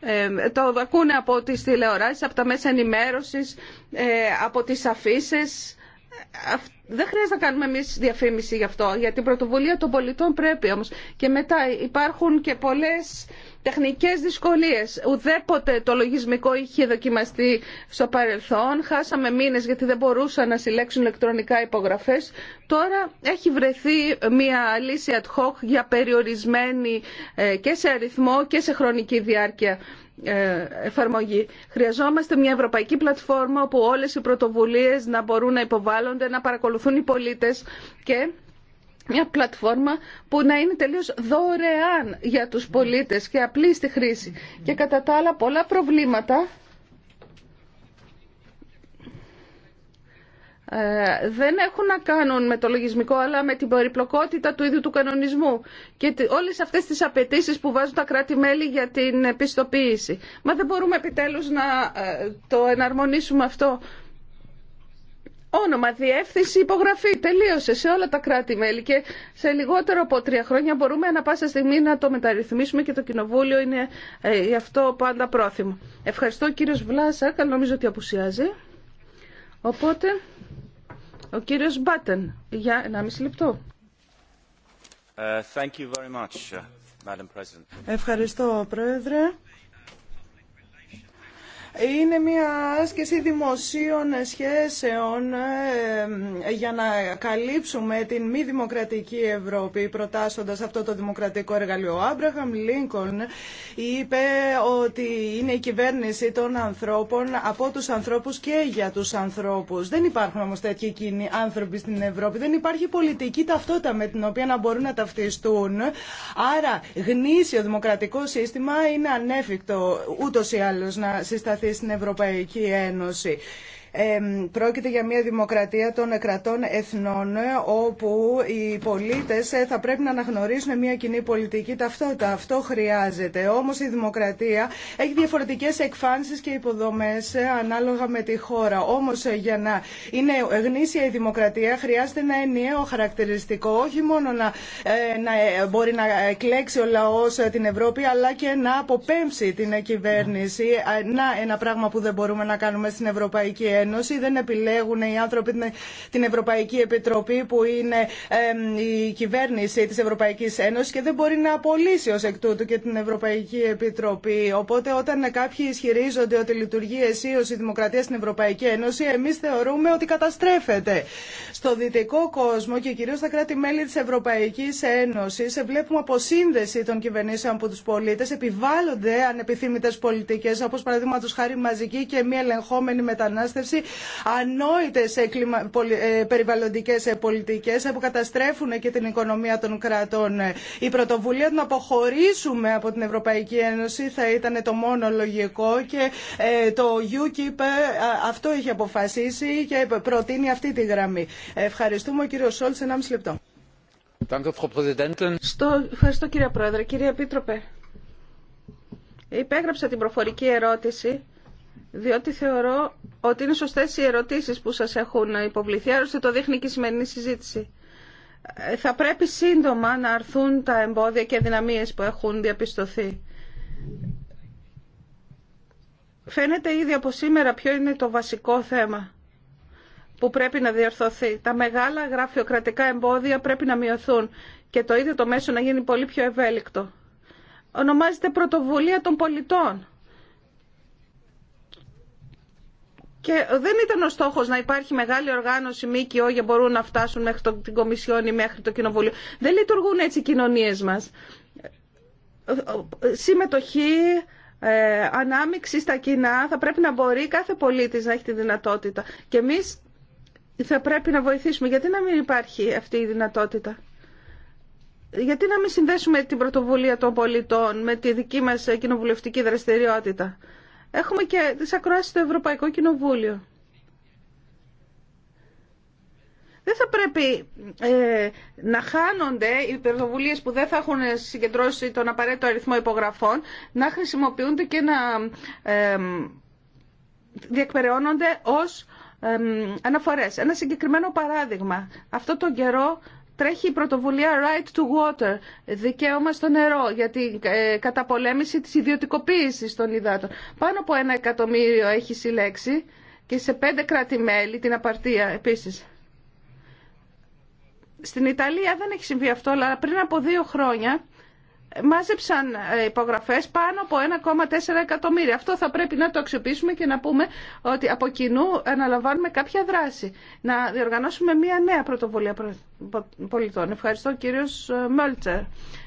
Ε, το ακούνε από τις τηλεοράσεις, από τα μέσα ενημέρωσης, ε, από τις αφήσει δεν χρειάζεται να κάνουμε εμεί διαφήμιση γι' αυτό. γιατί την πρωτοβουλία των πολιτών πρέπει όμω. Και μετά υπάρχουν και πολλέ τεχνικέ δυσκολίε. Ουδέποτε το λογισμικό είχε δοκιμαστεί στο παρελθόν. Χάσαμε μήνε γιατί δεν μπορούσαν να συλλέξουν ηλεκτρονικά υπογραφέ. Τώρα έχει βρεθεί μια λύση ad hoc για περιορισμένη ε, και σε αριθμό και σε χρονική διάρκεια ε, εφαρμογή. Χρειαζόμαστε μια ευρωπαϊκή πλατφόρμα όπου όλες οι πρωτοβουλίες να μπορούν να υποβάλλονται, να παρακολουθούν οι πολίτες και μια πλατφόρμα που να είναι τελείως δωρεάν για τους πολίτες και απλή στη χρήση. Και κατά τα άλλα πολλά προβλήματα Ε, δεν έχουν να κάνουν με το λογισμικό αλλά με την περιπλοκότητα του ίδιου του κανονισμού και όλες αυτές τις απαιτήσει που βάζουν τα κράτη-μέλη για την επιστοποίηση. Μα δεν μπορούμε επιτέλους να ε, το εναρμονίσουμε αυτό. Όνομα, διεύθυνση, υπογραφή. Τελείωσε σε όλα τα κράτη-μέλη και σε λιγότερο από τρία χρόνια μπορούμε ανα πάσα στιγμή να το μεταρρυθμίσουμε και το Κοινοβούλιο είναι ε, γι' αυτό πάντα πρόθυμο. Ευχαριστώ κύριος Βλάσακ, νομίζω ότι απουσιάζει. Οπότε, ο κύριος Μπάτεν, για 1,5 λεπτό. Ε, thank you very much, Madam President. Ευχαριστώ, Πρόεδρε. Είναι μια άσκηση δημοσίων σχέσεων ε, για να καλύψουμε την μη δημοκρατική Ευρώπη προτάσσοντας αυτό το δημοκρατικό εργαλείο. Ο Άμπραχαμ Λίνκον είπε ότι είναι η κυβέρνηση των ανθρώπων από τους ανθρώπους και για τους ανθρώπους. Δεν υπάρχουν όμως τέτοιοι εκείνοι άνθρωποι στην Ευρώπη. Δεν υπάρχει πολιτική ταυτότητα με την οποία να μπορούν να ταυτιστούν. Άρα γνήσιο δημοκρατικό σύστημα είναι ανέφικτο ούτως ή άλλως να συσταθεί στην Ευρωπαϊκή Ένωση πρόκειται για μια δημοκρατία των κρατών εθνών όπου οι πολίτες ε, θα πρέπει να αναγνωρίσουν μια κοινή πολιτική ταυτότητα. Αυτό χρειάζεται. Όμως η δημοκρατία έχει διαφορετικές εκφάνσεις και υποδομές ε, ανάλογα με τη χώρα. Όμως ε, για να είναι γνήσια η δημοκρατία χρειάζεται ένα ενιαίο χαρακτηριστικό. Όχι μόνο να, μπορεί να εκλέξει ο λαός την Ευρώπη αλλά και να αποπέμψει την κυβέρνηση. Να ένα πράγμα που δεν μπορούμε να κάνουμε στην Ευρωπαϊκή Ένωση. Ένωση. Δεν επιλέγουν οι άνθρωποι την Ευρωπαϊκή Επιτροπή που είναι η κυβέρνηση της Ευρωπαϊκής Ένωσης και δεν μπορεί να απολύσει ως εκ τούτου και την Ευρωπαϊκή Επιτροπή. Οπότε όταν κάποιοι ισχυρίζονται ότι λειτουργεί αισίως η δημοκρατία στην Ευρωπαϊκή Ένωση, εμείς θεωρούμε ότι καταστρέφεται. Στο δυτικό κόσμο και κυρίως στα κράτη-μέλη της Ευρωπαϊκής Ένωσης βλέπουμε αποσύνδεση των κυβερνήσεων από τους πολίτες, επιβάλλονται ανεπιθύμητες πολιτικές, όπως παραδείγματος χάρη μαζική και μη ελεγχόμενη μετανάστευση απαγόρευση ανόητες ε, ε, περιβαλλοντικές ε, πολιτικές που καταστρέφουν και την οικονομία των κρατών. Η πρωτοβουλία του να αποχωρήσουμε από την Ευρωπαϊκή Ένωση θα ήταν το μόνο λογικό και το UKIP αυτό είχε αποφασίσει και προτείνει αυτή τη γραμμή. Ευχαριστούμε ο Σόλτ, ένα 1,5 λεπτό. Στο... Ευχαριστώ κύριε Πρόεδρε. Κύριε Επίτροπε, υπέγραψα την προφορική ερώτηση διότι θεωρώ ότι είναι σωστέ οι ερωτήσεις που σας έχουν υποβληθεί, άλλωστε το δείχνει και η σημερινή συζήτηση. Ε, θα πρέπει σύντομα να αρθούν τα εμπόδια και δυναμίες που έχουν διαπιστωθεί. Φαίνεται ήδη από σήμερα ποιο είναι το βασικό θέμα που πρέπει να διορθωθεί. Τα μεγάλα γραφειοκρατικά εμπόδια πρέπει να μειωθούν και το ίδιο το μέσο να γίνει πολύ πιο ευέλικτο. Ονομάζεται πρωτοβουλία των πολιτών Και δεν ήταν ο στόχο να υπάρχει μεγάλη οργάνωση ΜΚΟ για μπορούν να φτάσουν μέχρι την Κομισιόν ή μέχρι το Κοινοβούλιο. Δεν λειτουργούν έτσι οι κοινωνίε μα. Συμμετοχή, ε, ανάμειξη στα κοινά θα πρέπει να μπορεί κάθε πολίτη να έχει τη δυνατότητα. Και εμεί θα πρέπει να βοηθήσουμε. Γιατί να μην υπάρχει αυτή η δυνατότητα. Γιατί να μην συνδέσουμε την πρωτοβουλία των πολιτών με τη δική μας κοινοβουλευτική δραστηριότητα. Έχουμε και τις ακροάσεις στο Ευρωπαϊκό Κοινοβούλιο. Δεν θα πρέπει ε, να χάνονται οι πρωτοβουλίε που δεν θα έχουν συγκεντρώσει τον απαραίτητο αριθμό υπογραφών, να χρησιμοποιούνται και να ε, ως ε, αναφορές. Ένα συγκεκριμένο παράδειγμα. Αυτό τον καιρό τρέχει η πρωτοβουλία Right to Water, δικαίωμα στο νερό, για την ε, καταπολέμηση της ιδιωτικοποίησης των υδάτων. Πάνω από ένα εκατομμύριο έχει συλλέξει και σε πέντε κράτη-μέλη την απαρτία επίσης. Στην Ιταλία δεν έχει συμβεί αυτό, αλλά πριν από δύο χρόνια μάζεψαν ε, υπογραφές πάνω από 1,4 εκατομμύρια. Αυτό θα πρέπει να το αξιοποιήσουμε και να πούμε ότι από κοινού αναλαμβάνουμε κάποια δράση. Να διοργανώσουμε μια νέα πρωτοβουλία πολιτών. Ευχαριστώ κύριος ε, Μέλτσερ.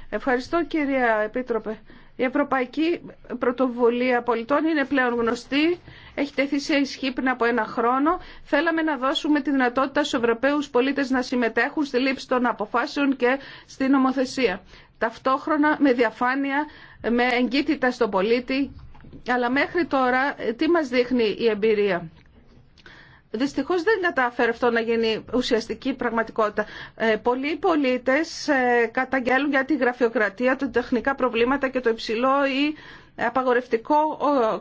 Ευχαριστώ κυρία Επίτροπε. Η Ευρωπαϊκή Πρωτοβουλία Πολιτών είναι πλέον γνωστή, έχει τεθεί σε ισχύ πριν από ένα χρόνο. Θέλαμε να δώσουμε τη δυνατότητα στους Ευρωπαίους πολίτες να συμμετέχουν στη λήψη των αποφάσεων και στην νομοθεσία ταυτόχρονα με διαφάνεια, με εγκύτητα στον πολίτη. Αλλά μέχρι τώρα τι μας δείχνει η εμπειρία. Δυστυχώς δεν κατάφερε αυτό να γίνει ουσιαστική πραγματικότητα. Ε, πολλοί πολίτες ε, καταγγέλουν για τη γραφειοκρατία, τα τεχνικά προβλήματα και το υψηλό ή απαγορευτικό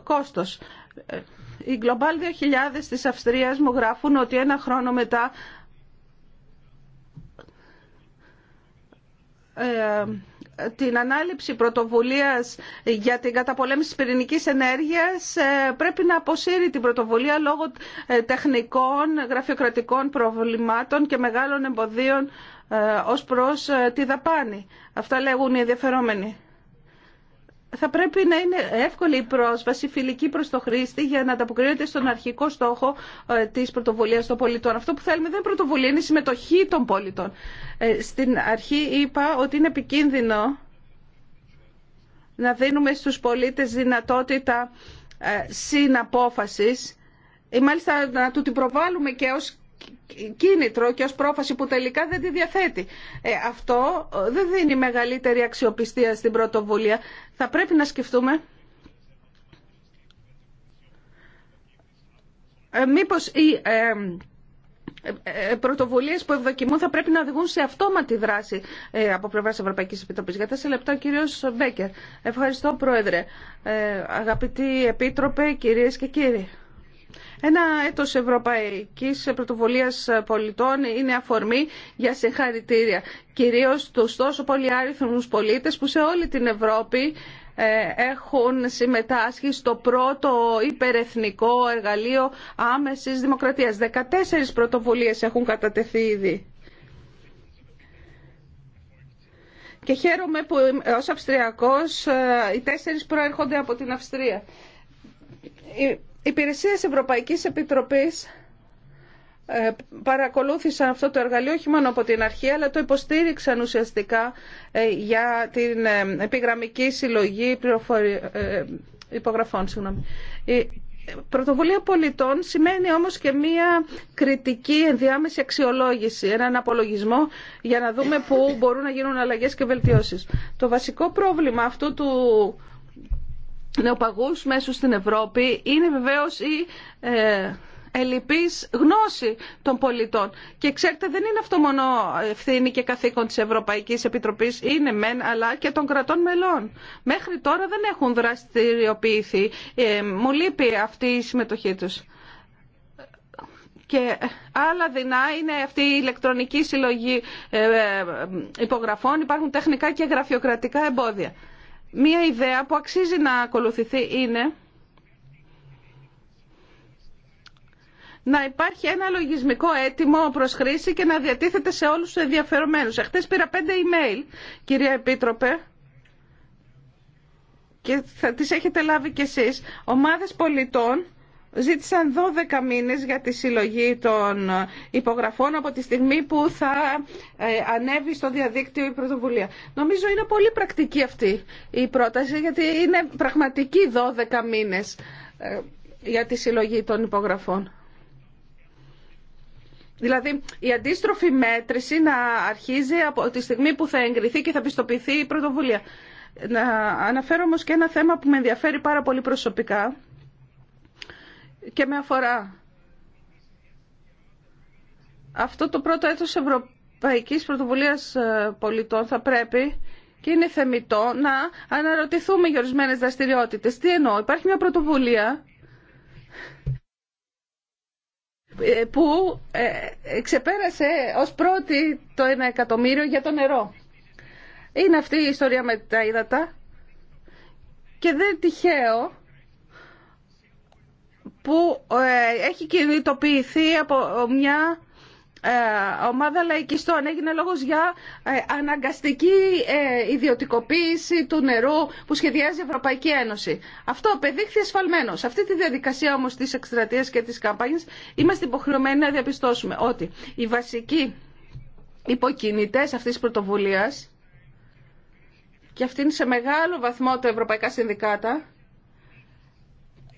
κόστος. Οι ε, Global 2000 της Αυστρίας μου γράφουν ότι ένα χρόνο μετά Ε, την ανάληψη πρωτοβουλίας για την καταπολέμηση της πυρηνικής ενέργειας ε, πρέπει να αποσύρει την πρωτοβουλία λόγω ε, τεχνικών, γραφειοκρατικών προβλημάτων και μεγάλων εμποδίων ως προς τη δαπάνη. Αυτά λέγουν οι ενδιαφερόμενοι θα πρέπει να είναι εύκολη η πρόσβαση, φιλική προ το χρήστη για να ανταποκρίνεται στον αρχικό στόχο ε, της πρωτοβουλία των πολιτών. Αυτό που θέλουμε δεν είναι πρωτοβουλία, είναι η συμμετοχή των πολιτών. Ε, στην αρχή είπα ότι είναι επικίνδυνο να δίνουμε στους πολίτες δυνατότητα ε, συναπόφασης ή μάλιστα να του την προβάλλουμε και ως κίνητρο και ως πρόφαση που τελικά δεν τη διαθέτει. Ε, αυτό ε, δεν δίνει μεγαλύτερη αξιοπιστία στην πρωτοβουλία. Θα πρέπει να σκεφτούμε ε, μήπως οι ε, ε πρωτοβουλίες που ευδοκιμούν θα πρέπει να οδηγούν σε αυτόματη δράση από πλευράς Ευρωπαϊκής Επιτροπής. Για τέσσερα λεπτά ο κύριος Μπέκερ. Ευχαριστώ Πρόεδρε. Αγαπητοί Επίτροπε, κυρίες και κύριοι. Ένα έτος Ευρωπαϊκής Πρωτοβουλίας Πολιτών είναι αφορμή για συγχαρητήρια, κυρίως τους τόσο άριθμους πολίτες που σε όλη την Ευρώπη ε, έχουν συμμετάσχει στο πρώτο υπερεθνικό εργαλείο άμεσης δημοκρατίας. 14 πρωτοβουλίες έχουν κατατεθεί ήδη. Και χαίρομαι που ως Αυστριακός ε, οι τέσσερις προέρχονται από την Αυστρία υπηρεσίες Ευρωπαϊκής Επιτροπής ε, παρακολούθησαν αυτό το εργαλείο όχι μόνο από την αρχή αλλά το υποστήριξαν ουσιαστικά ε, για την ε, επιγραμμική συλλογή υπογραφών. Συγγνώμη. Η πρωτοβουλία πολιτών σημαίνει όμως και μία κριτική ενδιάμεση αξιολόγηση, έναν απολογισμό για να δούμε πού μπορούν να γίνουν αλλαγές και βελτιώσεις. Το βασικό πρόβλημα αυτού του νεοπαγούς μέσω στην Ευρώπη είναι βεβαίως η ε, γνώση των πολιτών. Και ξέρετε δεν είναι αυτό μόνο ευθύνη και καθήκον της Ευρωπαϊκής Επιτροπής, είναι μεν αλλά και των κρατών μελών. Μέχρι τώρα δεν έχουν δραστηριοποιηθεί. Ε, μου λείπει αυτή η συμμετοχή τους. Και άλλα δεινά είναι αυτή η ηλεκτρονική συλλογή ε, ε, υπογραφών. Υπάρχουν τεχνικά και γραφειοκρατικά εμπόδια. Μία ιδέα που αξίζει να ακολουθηθεί είναι να υπάρχει ένα λογισμικό έτοιμο προς χρήση και να διατίθεται σε όλους τους ενδιαφερομένους. Εχθές πήρα πέντε email, κυρία Επίτροπε, και θα τις έχετε λάβει κι εσείς, ομάδες πολιτών ζήτησαν 12 μήνες για τη συλλογή των υπογραφών από τη στιγμή που θα ε, ανέβει στο διαδίκτυο η πρωτοβουλία. Νομίζω είναι πολύ πρακτική αυτή η πρόταση γιατί είναι πραγματική 12 μήνες ε, για τη συλλογή των υπογραφών. Δηλαδή η αντίστροφη μέτρηση να αρχίζει από τη στιγμή που θα εγκριθεί και θα πιστοποιηθεί η πρωτοβουλία. Να αναφέρω όμως και ένα θέμα που με ενδιαφέρει πάρα πολύ προσωπικά και με αφορά. Αυτό το πρώτο έτος Ευρωπαϊκής Πρωτοβουλίας ε, Πολιτών θα πρέπει και είναι θεμητό να αναρωτηθούμε για ορισμένε δραστηριότητες. Τι εννοώ, υπάρχει μια πρωτοβουλία ε, που ε, ξεπέρασε ως πρώτη το ένα εκατομμύριο για το νερό. Είναι αυτή η ιστορία με τα ύδατα και δεν τυχαίο που ε, έχει κινητοποιηθεί από μια ε, ομάδα λαϊκιστών. Έγινε λόγος για ε, αναγκαστική ιδιωτικοποίηση του νερού που σχεδιάζει η Ευρωπαϊκή Ένωση. Αυτό απεδείχθη ασφαλμένο. Σε αυτή τη διαδικασία όμως της εκστρατεία και της καμπάνιας είμαστε υποχρεωμένοι να διαπιστώσουμε ότι οι βασικοί υποκινητές αυτής της πρωτοβουλίας και αυτή είναι σε μεγάλο βαθμό τα ευρωπαϊκά συνδικάτα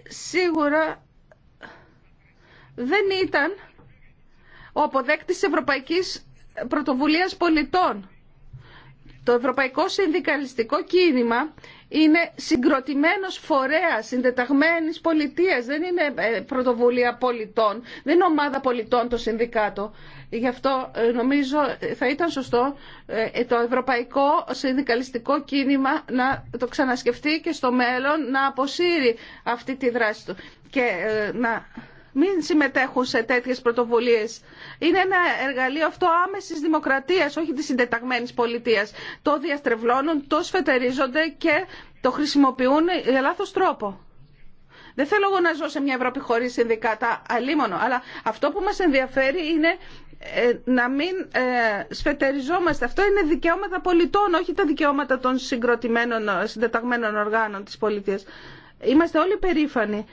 σίγουρα δεν ήταν ο αποδέκτης της Ευρωπαϊκής Πρωτοβουλίας Πολιτών. Το Ευρωπαϊκό Συνδικαλιστικό Κίνημα είναι συγκροτημένος φορέας συντεταγμένης πολιτείας, δεν είναι ε, πρωτοβουλία πολιτών, δεν είναι ομάδα πολιτών το συνδικάτο. Γι' αυτό ε, νομίζω ε, θα ήταν σωστό το Ευρωπαϊκό Συνδικαλιστικό Κίνημα να το ξανασκεφτεί και στο μέλλον να αποσύρει αυτή τη δράση του και να μην συμμετέχουν σε τέτοιες πρωτοβουλίες. Είναι ένα εργαλείο αυτό άμεσης δημοκρατίας, όχι της συντεταγμένης πολιτείας. Το διαστρεβλώνουν, το σφετερίζονται και το χρησιμοποιούν για λάθος τρόπο. Δεν θέλω εγώ να ζω σε μια Ευρώπη χωρίς συνδικάτα αλίμονο, αλλά αυτό που μας ενδιαφέρει είναι ε, να μην ε, σφετεριζόμαστε. Αυτό είναι δικαιώματα πολιτών, όχι τα δικαιώματα των συγκροτημένων, ε, συντεταγμένων οργάνων της πολιτείας. Είμαστε όλοι περήφανοι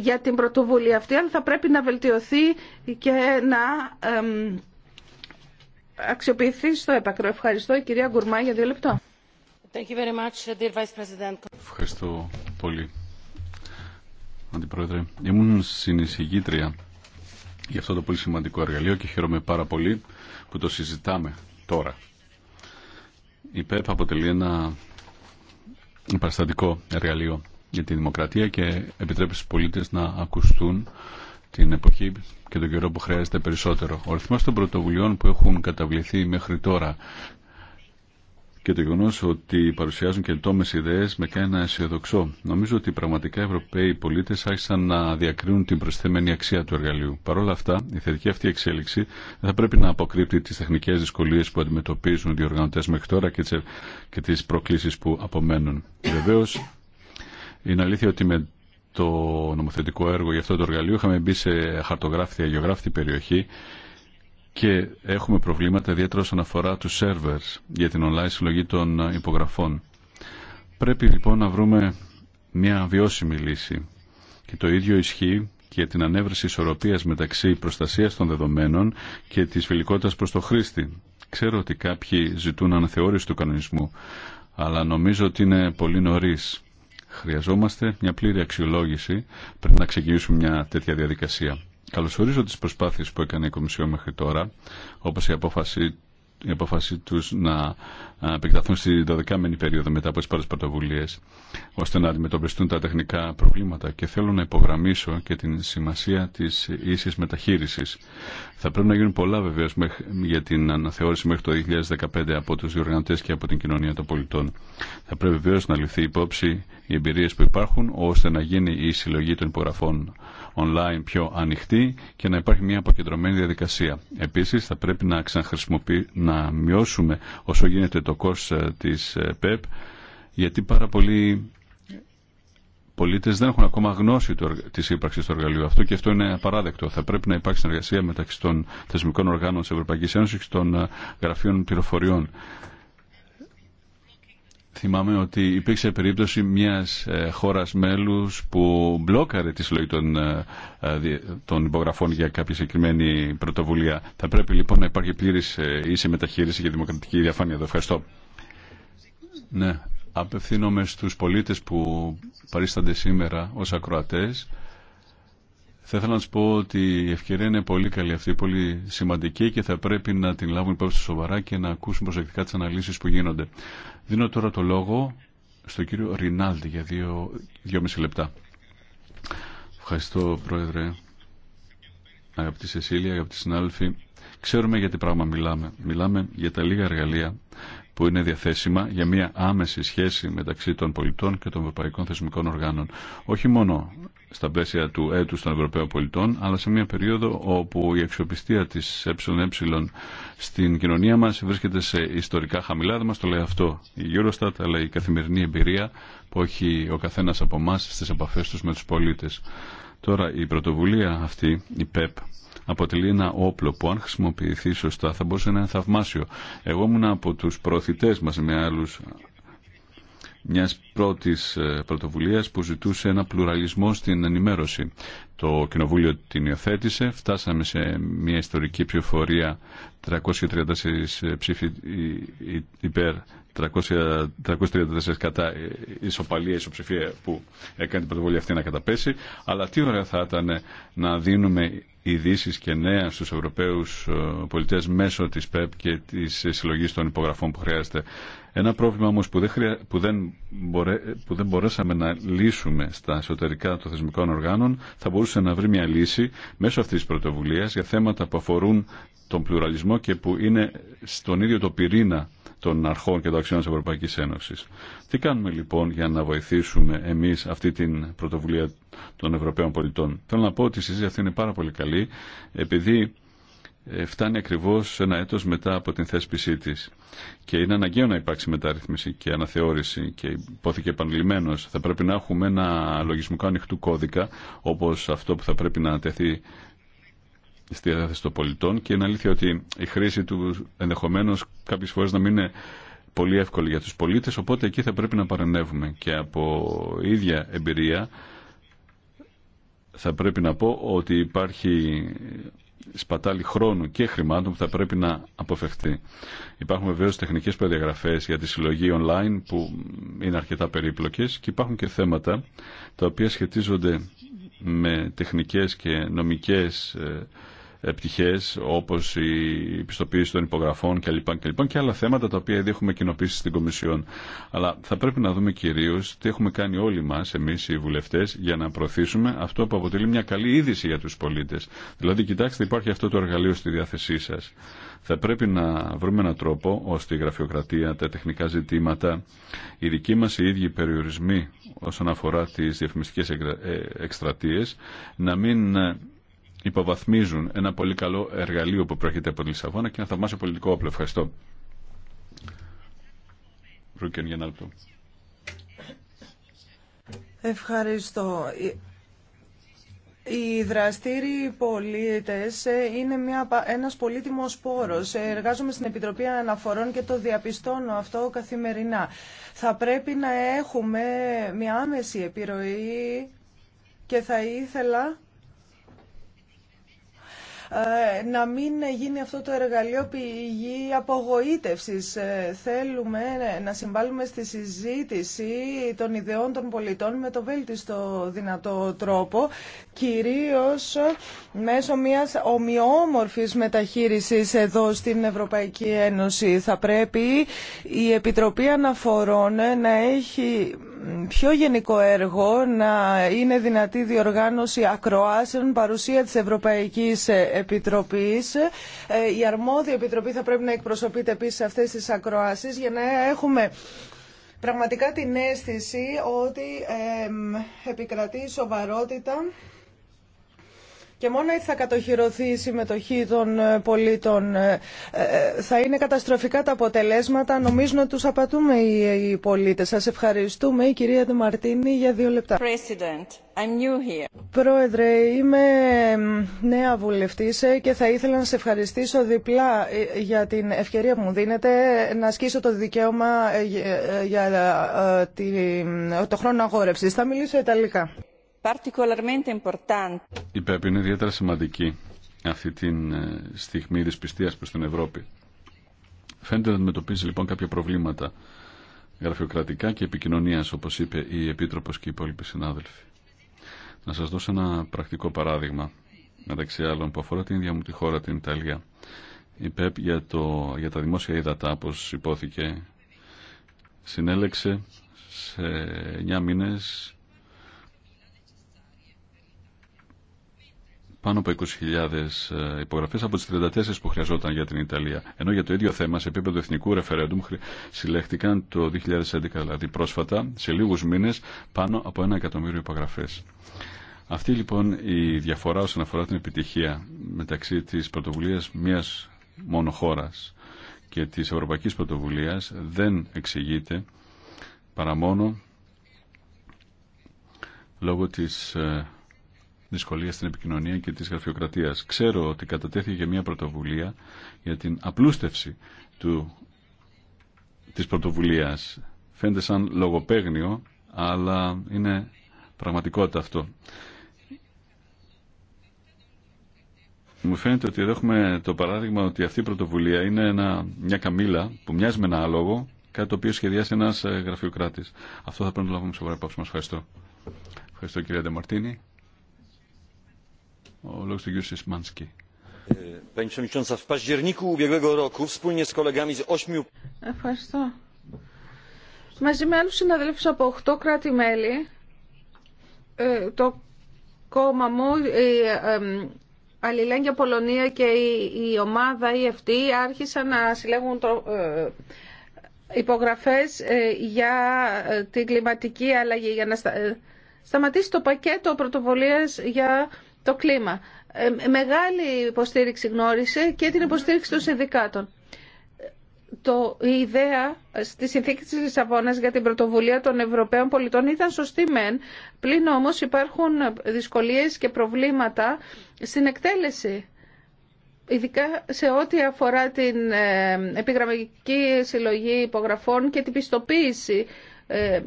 για την πρωτοβουλία αυτή, αλλά θα πρέπει να βελτιωθεί και να αξιοποιηθεί στο έπακρο. Ευχαριστώ. Η κυρία Γκουρμά για δύο λεπτά. Thank you very much, dear Vice President. Ευχαριστώ πολύ. Αντιπρόεδρε, ήμουν συνεισηγήτρια για αυτό το πολύ σημαντικό εργαλείο και χαίρομαι πάρα πολύ που το συζητάμε τώρα. Η ΠΕΠ αποτελεί ένα παραστατικό εργαλείο για τη δημοκρατία και επιτρέπει στους πολίτες να ακουστούν την εποχή και τον καιρό που χρειάζεται περισσότερο. Ο αριθμός των πρωτοβουλειών που έχουν καταβληθεί μέχρι τώρα και το γεγονό ότι παρουσιάζουν τόμε ιδέε με κάνει ένα Νομίζω ότι πραγματικά οι Ευρωπαίοι πολίτε άρχισαν να διακρίνουν την προσθέμενη αξία του εργαλείου. Παρ' όλα αυτά, η θετική αυτή εξέλιξη δεν θα πρέπει να αποκρύπτει τι τεχνικέ δυσκολίε που αντιμετωπίζουν οι διοργανωτέ μέχρι τώρα και τι προκλήσει που απομένουν. Βεβαίω, είναι αλήθεια ότι με το νομοθετικό έργο για αυτό το εργαλείο είχαμε μπει σε χαρτογράφητη, αγιογράφητη περιοχή και έχουμε προβλήματα ιδιαίτερα όσον αφορά τους servers για την online συλλογή των υπογραφών. Πρέπει λοιπόν να βρούμε μια βιώσιμη λύση και το ίδιο ισχύει και την ανέβρεση ισορροπίας μεταξύ προστασίας των δεδομένων και της φιλικότητας προς το χρήστη. Ξέρω ότι κάποιοι ζητούν αναθεώρηση του κανονισμού, αλλά νομίζω ότι είναι πολύ νωρίς Χρειαζόμαστε μια πλήρη αξιολόγηση πριν να ξεκινήσουμε μια τέτοια διαδικασία. Καλωσορίζω τις προσπάθειες που έκανε η Κομισιόν μέχρι τώρα, όπως η απόφαση η απόφαση του να επεκταθούν στη 12η περίοδο μετά από τι πρώτε πρωτοβουλίε, ώστε να αντιμετωπιστούν τα τεχνικά προβλήματα. Και θέλω να υπογραμμίσω και την σημασία τη ίση μεταχείριση. Θα πρέπει να γίνουν πολλά βεβαίω για την αναθεώρηση μέχρι το 2015 από του διοργανωτέ και από την κοινωνία των πολιτών. Θα πρέπει βεβαίω να ληφθεί υπόψη οι εμπειρίε που υπάρχουν, ώστε να γίνει η συλλογή των υπογραφών online πιο ανοιχτή και να υπάρχει μια αποκεντρωμένη διαδικασία. Επίσης θα πρέπει να ξαναχρησιμοποιήσουμε, να μειώσουμε όσο γίνεται το κόστος ε, της ε, ΠΕΠ γιατί πάρα πολλοί πολίτε δεν έχουν ακόμα γνώση της ύπαρξη του εργαλείου αυτού και αυτό είναι απαράδεκτο. Θα πρέπει να υπάρχει συνεργασία μεταξύ των θεσμικών οργάνων τη Ευρωπαϊκή Ένωση και των ε, γραφείων πληροφοριών. Θυμάμαι ότι υπήρξε περίπτωση μιας ε, χώρας μέλους που μπλόκαρε τη συλλογή των, ε, ε, των υπογραφών για κάποια συγκεκριμένη πρωτοβουλία. Θα πρέπει λοιπόν να υπάρχει πλήρης ίση μεταχείριση για δημοκρατική διαφάνεια. Εδώ ευχαριστώ. Ναι, απευθύνομαι στους πολίτες που παρίστανται σήμερα ως ακροατές. Θα ήθελα να σας πω ότι η ευκαιρία είναι πολύ καλή αυτή, πολύ σημαντική και θα πρέπει να την λάβουν υπόψη σοβαρά και να ακούσουν προσεκτικά τις αναλύσεις που γίνονται. Δίνω τώρα το λόγο στον κύριο Ρινάλντι για δύο, δύο μισή λεπτά. Ευχαριστώ, Πρόεδρε. Αγαπητή Σεσίλια, αγαπητοί συνάδελφοι, ξέρουμε για τι πράγμα μιλάμε. Μιλάμε για τα λίγα εργαλεία που είναι διαθέσιμα για μια άμεση σχέση μεταξύ των πολιτών και των ευρωπαϊκών θεσμικών οργάνων. Όχι μόνο στα πλαίσια του έτους των Ευρωπαίων πολιτών, αλλά σε μια περίοδο όπου η αξιοπιστία της ΕΕ στην κοινωνία μας βρίσκεται σε ιστορικά χαμηλά. Δεν μας το λέει αυτό η Eurostat, αλλά η καθημερινή εμπειρία που έχει ο καθένας από εμά στις επαφές τους με τους πολίτες. Τώρα η πρωτοβουλία αυτή, η ΠΕΠ, αποτελεί ένα όπλο που αν χρησιμοποιηθεί σωστά θα μπορούσε να είναι θαυμάσιο. Εγώ ήμουν από τους προωθητές μας με άλλους μιας πρώτης ε, πρωτοβουλίας που ζητούσε ένα πλουραλισμό στην ενημέρωση. Το Κοινοβούλιο την υιοθέτησε, φτάσαμε σε μια ιστορική ψηφοφορία 334 ε, ψήφι υπέρ, 334 κατά ε, ισοπαλία, ισοψηφία που έκανε την πρωτοβουλία αυτή να καταπέσει. Αλλά τι ωραία θα ήταν να δίνουμε ειδήσει και νέα στους Ευρωπαίους πολιτές μέσω της ΠΕΠ και της συλλογής των υπογραφών που χρειάζεται ένα πρόβλημα όμως που δεν, που, δεν μπορέ... που δεν μπορέσαμε να λύσουμε στα εσωτερικά των θεσμικών οργάνων θα μπορούσε να βρει μια λύση μέσω αυτής της πρωτοβουλίας για θέματα που αφορούν τον πλουραλισμό και που είναι στον ίδιο το πυρήνα των αρχών και των αξιών της Ευρωπαϊκής Ένωσης. Τι κάνουμε λοιπόν για να βοηθήσουμε εμείς αυτή την πρωτοβουλία των Ευρωπαίων πολιτών. Θέλω να πω ότι η συζήτηση αυτή είναι πάρα πολύ καλή επειδή ε, φτάνει ακριβώς ένα έτος μετά από την θέσπισή της. Και είναι αναγκαίο να υπάρξει μεταρρύθμιση και αναθεώρηση και υπόθηκε επανειλημμένος. Θα πρέπει να έχουμε ένα λογισμικό ανοιχτού κώδικα όπως αυτό που θα πρέπει να τεθεί στη διάθεση των πολιτών και είναι αλήθεια ότι η χρήση του ενδεχομένως κάποιες φορές να μην είναι πολύ εύκολη για τους πολίτες οπότε εκεί θα πρέπει να παρενεύουμε και από ίδια εμπειρία θα πρέπει να πω ότι υπάρχει σπατάλη χρόνου και χρημάτων που θα πρέπει να αποφευχθεί. Υπάρχουν βεβαίω τεχνικέ προδιαγραφέ για τη συλλογή online που είναι αρκετά περίπλοκε και υπάρχουν και θέματα τα οποία σχετίζονται με τεχνικές και νομικές ε, ε, πτυχέ, όπω η πιστοποίηση των υπογραφών κλπ. και άλλα θέματα τα οποία ήδη έχουμε κοινοποιήσει στην Κομισιόν. Αλλά θα πρέπει να δούμε κυρίω τι έχουμε κάνει όλοι μα, εμεί οι βουλευτέ, για να προωθήσουμε αυτό που αποτελεί μια καλή είδηση για του πολίτε. Δηλαδή, κοιτάξτε, υπάρχει αυτό το εργαλείο στη διάθεσή σα. Θα πρέπει να βρούμε έναν τρόπο ώστε η γραφειοκρατία, τα τεχνικά ζητήματα, οι δικοί μα οι ίδιοι περιορισμοί όσον αφορά τι διαφημιστικέ ε, εκστρατείε, να μην ε, υποβαθμίζουν ένα πολύ καλό εργαλείο που προέρχεται από τη Λισαβόνα και ένα θαυμάσιο πολιτικό όπλο. Ευχαριστώ. Ρούκεν, για να Ευχαριστώ. Οι δραστήριοι πολίτες ε, είναι μια, ένας πολύτιμος πόρος. Ε, εργάζομαι στην Επιτροπή Αναφορών και το διαπιστώνω αυτό καθημερινά. Θα πρέπει να έχουμε μια άμεση επιρροή και θα ήθελα ε, να μην γίνει αυτό το εργαλείο πηγή απογοήτευσης. Ε, θέλουμε να συμβάλλουμε στη συζήτηση των ιδεών των πολιτών με το βέλτιστο δυνατό τρόπο, κυρίως μέσω μιας ομοιόμορφης μεταχείρισης εδώ στην Ευρωπαϊκή Ένωση. Θα πρέπει η Επιτροπή Αναφορών να έχει πιο γενικό έργο να είναι δυνατή διοργάνωση ακροάσεων παρουσία της Ευρωπαϊκής Επιτροπής. Ε, η αρμόδια Επιτροπή θα πρέπει να εκπροσωπείται επίσης αυτές τις ακροάσεις για να έχουμε πραγματικά την αίσθηση ότι επικρατεί σοβαρότητα και μόνο έτσι θα κατοχυρωθεί η συμμετοχή των ε, πολίτων. Ε, ε, θα είναι καταστροφικά τα αποτελέσματα. Νομίζω ότι τους απατούμε οι πολίτες. Σας ευχαριστούμε, η κυρία Δημαρτίνη, για δύο λεπτά. I'm new here. Πρόεδρε, είμαι νέα βουλευτής και θα ήθελα να σε ευχαριστήσω διπλά για την ευκαιρία που μου δίνετε να ασκήσω το δικαίωμα για το χρόνο αγόρευσης. Θα μιλήσω Ιταλικά. Η ΠΕΠ είναι ιδιαίτερα σημαντική αυτή τη ε, στιγμή δυσπιστία προς την Ευρώπη. Φαίνεται να αντιμετωπίζει λοιπόν κάποια προβλήματα γραφειοκρατικά και επικοινωνίας, όπως είπε η Επίτροπος και οι υπόλοιποι συνάδελφοι. Να σας δώσω ένα πρακτικό παράδειγμα, μεταξύ άλλων, που αφορά την ίδια μου τη χώρα, την Ιταλία. Η ΠΕΠ για, το, για τα δημόσια ύδατα, όπως υπόθηκε, συνέλεξε σε 9 μήνες πάνω από 20.000 ε, υπογραφέ από τι 34 που χρειαζόταν για την Ιταλία. Ενώ για το ίδιο θέμα σε επίπεδο εθνικού ρεφερέντουμ συλλέχτηκαν το 2011, δηλαδή πρόσφατα, σε λίγου μήνε πάνω από ένα εκατομμύριο υπογραφέ. Αυτή λοιπόν η διαφορά όσον αφορά την επιτυχία μεταξύ τη πρωτοβουλία Μία μόνο χώρα και τη Ευρωπαϊκή Πρωτοβουλία δεν εξηγείται παρά μόνο λόγω της ε, δυσκολία στην επικοινωνία και της γραφειοκρατίας. Ξέρω ότι κατατέθηκε μια πρωτοβουλία για την απλούστευση του, της πρωτοβουλίας. Φαίνεται σαν λογοπαίγνιο, αλλά είναι πραγματικότητα αυτό. Μου φαίνεται ότι εδώ έχουμε το παράδειγμα ότι αυτή η πρωτοβουλία είναι ένα, μια καμήλα που μοιάζει με ένα άλογο, κάτι το οποίο σχεδιάζει ένα ε, γραφειοκράτη. Αυτό θα πρέπει να το λάβουμε σοβαρά υπόψη μα. Ευχαριστώ. Ευχαριστώ κύριε Ντεμαρτίνη. Ο του κ. Σισμάνσκι. Ε, Ευχαριστώ. Μαζί με άλλους συναδέλφους από 8 κράτη-μέλη, ε, το κόμμα μου, η ε, Αλληλέγγυα Πολωνία και η ομάδα η αυτή άρχισαν να συλλέγουν υπογραφές για την κλιματική αλλαγή, για να σταματήσει το πακέτο πρωτοβολίας για το κλίμα. Ε, μεγάλη υποστήριξη γνώρισε και την υποστήριξη των συνδικάτων. Το, η ιδέα στη συνθήκη της Λισαβόνα για την πρωτοβουλία των Ευρωπαίων πολιτών ήταν σωστή μεν, πλην όμως υπάρχουν δυσκολίες και προβλήματα στην εκτέλεση. Ειδικά σε ό,τι αφορά την ε, επιγραμμική συλλογή υπογραφών και την πιστοποίηση ε,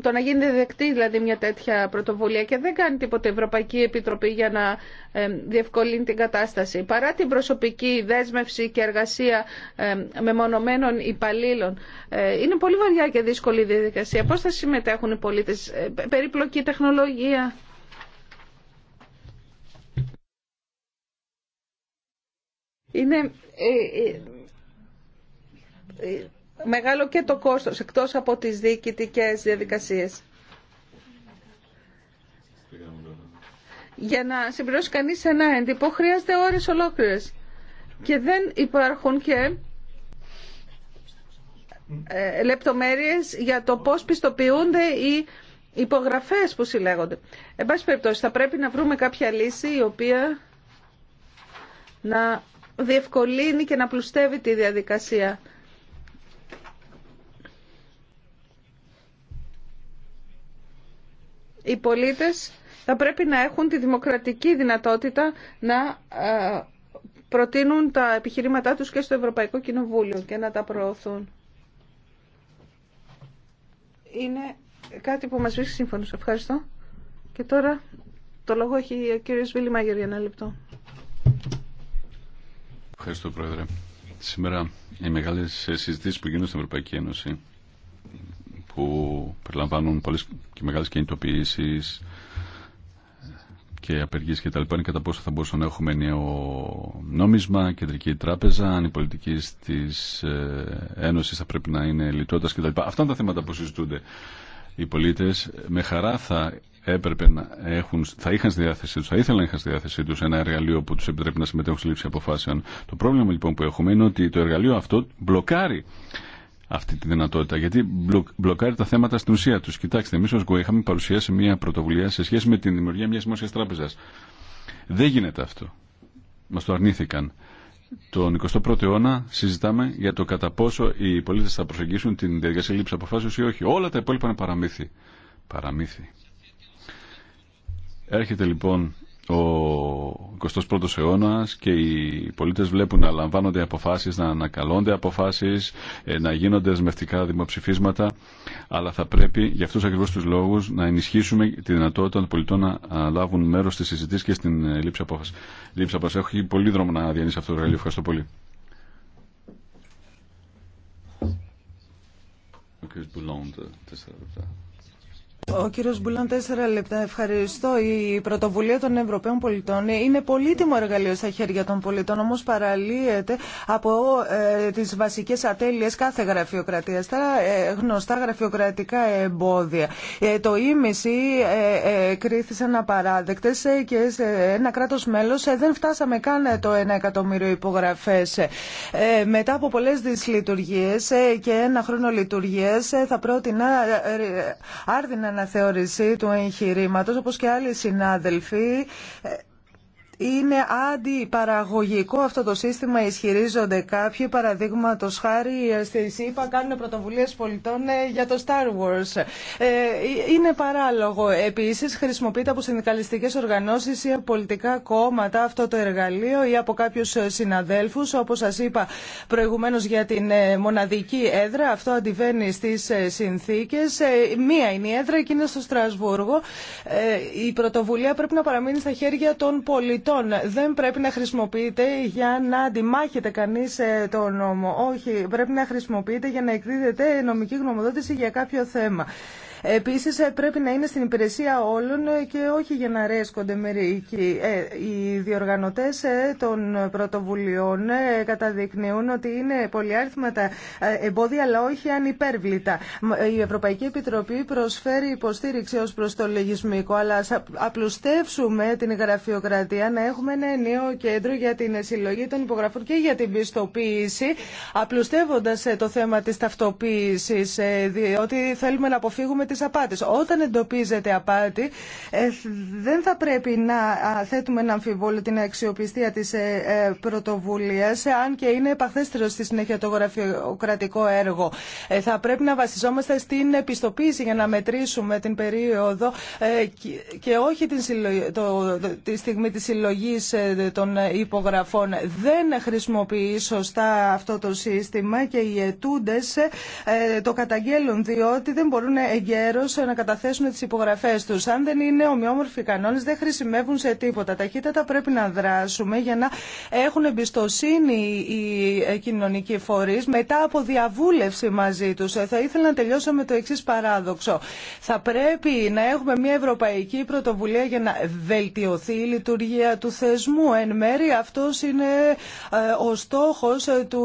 το να γίνεται δεκτή δηλαδή μια τέτοια πρωτοβουλία και δεν κάνει τίποτα η Ευρωπαϊκή Επιτροπή για να ε, διευκολύνει την κατάσταση. Παρά την προσωπική δέσμευση και εργασία ε, μεμονωμένων υπαλλήλων, ε, είναι πολύ βαριά και δύσκολη η διαδικασία. Πώς θα συμμετέχουν οι πολίτες, περιπλοκή τεχνολογία. Είναι μεγάλο και το κόστος, εκτός από τις διοικητικές διαδικασίες. Για να συμπληρώσει κανείς ένα έντυπο χρειάζεται ώρες ολόκληρες. Και δεν υπάρχουν και ε, λεπτομέρειες για το πώς πιστοποιούνται οι υπογραφές που συλλέγονται. Εν πάση περιπτώσει, θα πρέπει να βρούμε κάποια λύση η οποία να διευκολύνει και να πλουστεύει τη διαδικασία οι πολίτες θα πρέπει να έχουν τη δημοκρατική δυνατότητα να ε, προτείνουν τα επιχειρήματά τους και στο Ευρωπαϊκό Κοινοβούλιο και να τα προωθούν. Είναι κάτι που μας βρίσκει σύμφωνος. Ευχαριστώ. Και τώρα το λόγο έχει ο κύριος Βίλη Μάγερ για ένα λεπτό. Ευχαριστώ Πρόεδρε. Σήμερα οι μεγάλες συζητήσεις που γίνονται στην Ευρωπαϊκή Ένωση που περιλαμβάνουν πολλές και μεγάλες κινητοποιήσεις και απεργίες και τα λοιπά είναι κατά πόσο θα μπορούσαμε να έχουμε νέο νόμισμα, κεντρική τράπεζα, αν η πολιτική της ε, Ένωσης θα πρέπει να είναι λιτότητας και τα λοιπά. Αυτά είναι τα θέματα που συζητούνται οι πολίτες. Με χαρά θα έπρεπε να έχουν, θα είχαν στη διάθεσή του, θα ήθελαν να είχαν στη διάθεσή του ένα εργαλείο που του επιτρέπει να συμμετέχουν στη λήψη αποφάσεων. Το πρόβλημα λοιπόν που έχουμε είναι ότι το εργαλείο αυτό μπλοκάρει αυτή τη δυνατότητα. Γιατί μπλοκάρει τα θέματα στην ουσία του. Κοιτάξτε, εμεί ω ΓΟΕ είχαμε παρουσιάσει μια πρωτοβουλία σε σχέση με την δημιουργία μια δημόσια τράπεζα. Δεν γίνεται αυτό. Μα το αρνήθηκαν. Τον 21ο αιώνα συζητάμε για το κατά πόσο οι πολίτε θα προσεγγίσουν την διαδικασία λήψη αποφάσεω ή όχι. Όλα τα υπόλοιπα είναι παραμύθι. Παραμύθι. Έρχεται λοιπόν ο 21ος αιώνας και οι πολίτες βλέπουν να λαμβάνονται αποφάσεις, να ανακαλώνται αποφάσεις, ε, να γίνονται δεσμευτικά δημοψηφίσματα, αλλά θα πρέπει για αυτούς ακριβώς τους λόγους να ενισχύσουμε τη δυνατότητα των πολιτών να λάβουν μέρος στις συζήτηση και στην ε, λήψη απόφαση. Λήψη απόφαση. Έχει πολύ δρόμο να διανύσει αυτό το εργαλείο. Ευχαριστώ πολύ. Ο κ. Ο κύριος Μπουλάν, τέσσερα λεπτά. Ευχαριστώ. Η πρωτοβουλία των Ευρωπαίων πολιτών είναι πολύτιμο εργαλείο στα χέρια των πολιτών, όμως παραλύεται από ε, τις βασικές ατέλειες κάθε γραφειοκρατίας, τα ε, γνωστά γραφειοκρατικά εμπόδια. Ε, το ίμιση ε, ε κρίθησαν απαράδεκτες και σε ένα κράτος μέλος δεν φτάσαμε καν το ένα εκατομμύριο υπογραφές. μετά από πολλές δυσλειτουργίες και ένα χρόνο λειτουργίες θα πρότεινα άρδινα αναθεωρησή του εγχειρήματος, όπως και άλλοι συνάδελφοι, ε, είναι αντιπαραγωγικό αυτό το σύστημα, ισχυρίζονται κάποιοι. Παραδείγματο χάρη ε, στη ΣΥΠΑ κάνουν πρωτοβουλίε πολιτών ε, για το Star Wars. Ε, είναι παράλογο. Επίση, χρησιμοποιείται από συνδικαλιστικέ οργανώσει ή από πολιτικά κόμματα αυτό το εργαλείο ή από κάποιου συναδέλφου. Όπω σα είπα προηγουμένω για την μοναδική έδρα, αυτό αντιβαίνει στι συνθήκε. Μία είναι η έδρα και είναι στο Στρασβούργο. Η πρωτοβουλία πρέπει να παραμείνει στα χέρια των πολιτών δεν πρέπει να χρησιμοποιείται για να αντιμάχεται κανεί ε, το νόμο. Όχι, πρέπει να χρησιμοποιείται για να εκδίδεται νομική γνωμοδότηση για κάποιο θέμα. Επίσης ε, πρέπει να είναι στην υπηρεσία όλων ε, και όχι για να αρέσκονται μερικοί. Ε, οι διοργανωτές των πρωτοβουλειών καταδεικνύουν ότι είναι πολυάριθματα εμπόδια αλλά όχι ανυπέρβλητα. Η Ευρωπαϊκή Επιτροπή προσφέρει υποστήριξη ως προς το λογισμικό αλλά ας απλουστεύσουμε την γραφειοκρατία να έχουμε ένα νέο κέντρο για την συλλογή των υπογραφών και για την πιστοποίηση απλουστεύοντας το θέμα της ταυτοποίησης διότι θέλουμε να αποφύγουμε της απάτης. Όταν εντοπίζεται απάτη, ε, δεν θα πρέπει να θέτουμε να αμφιβόλο την αξιοπιστία της ε, ε, πρωτοβουλίας, αν και είναι επαχθέστερο στη συνέχεια το γραφειοκρατικό έργο. Θα πρέπει να βασιζόμαστε στην επιστοποίηση για να μετρήσουμε την περίοδο και όχι την το, τη στιγμή της συλλογής των υπογραφών. Δεν χρησιμοποιεί σωστά αυτό το σύστημα και οι ετούντες το καταγγέλουν διότι δεν μπορούν ε, να καταθέσουν τις υπογραφές τους. Αν δεν είναι ομοιόμορφοι κανόνε, δεν χρησιμεύουν σε τίποτα. Ταχύτατα πρέπει να δράσουμε για να έχουν εμπιστοσύνη οι κοινωνικοί φορείς μετά από διαβούλευση μαζί τους. Ε, θα ήθελα να τελειώσω με το εξή παράδοξο. Θα πρέπει να έχουμε μια ευρωπαϊκή πρωτοβουλία για να βελτιωθεί η λειτουργία του θεσμού. Εν μέρη αυτός είναι ε, ο στόχος του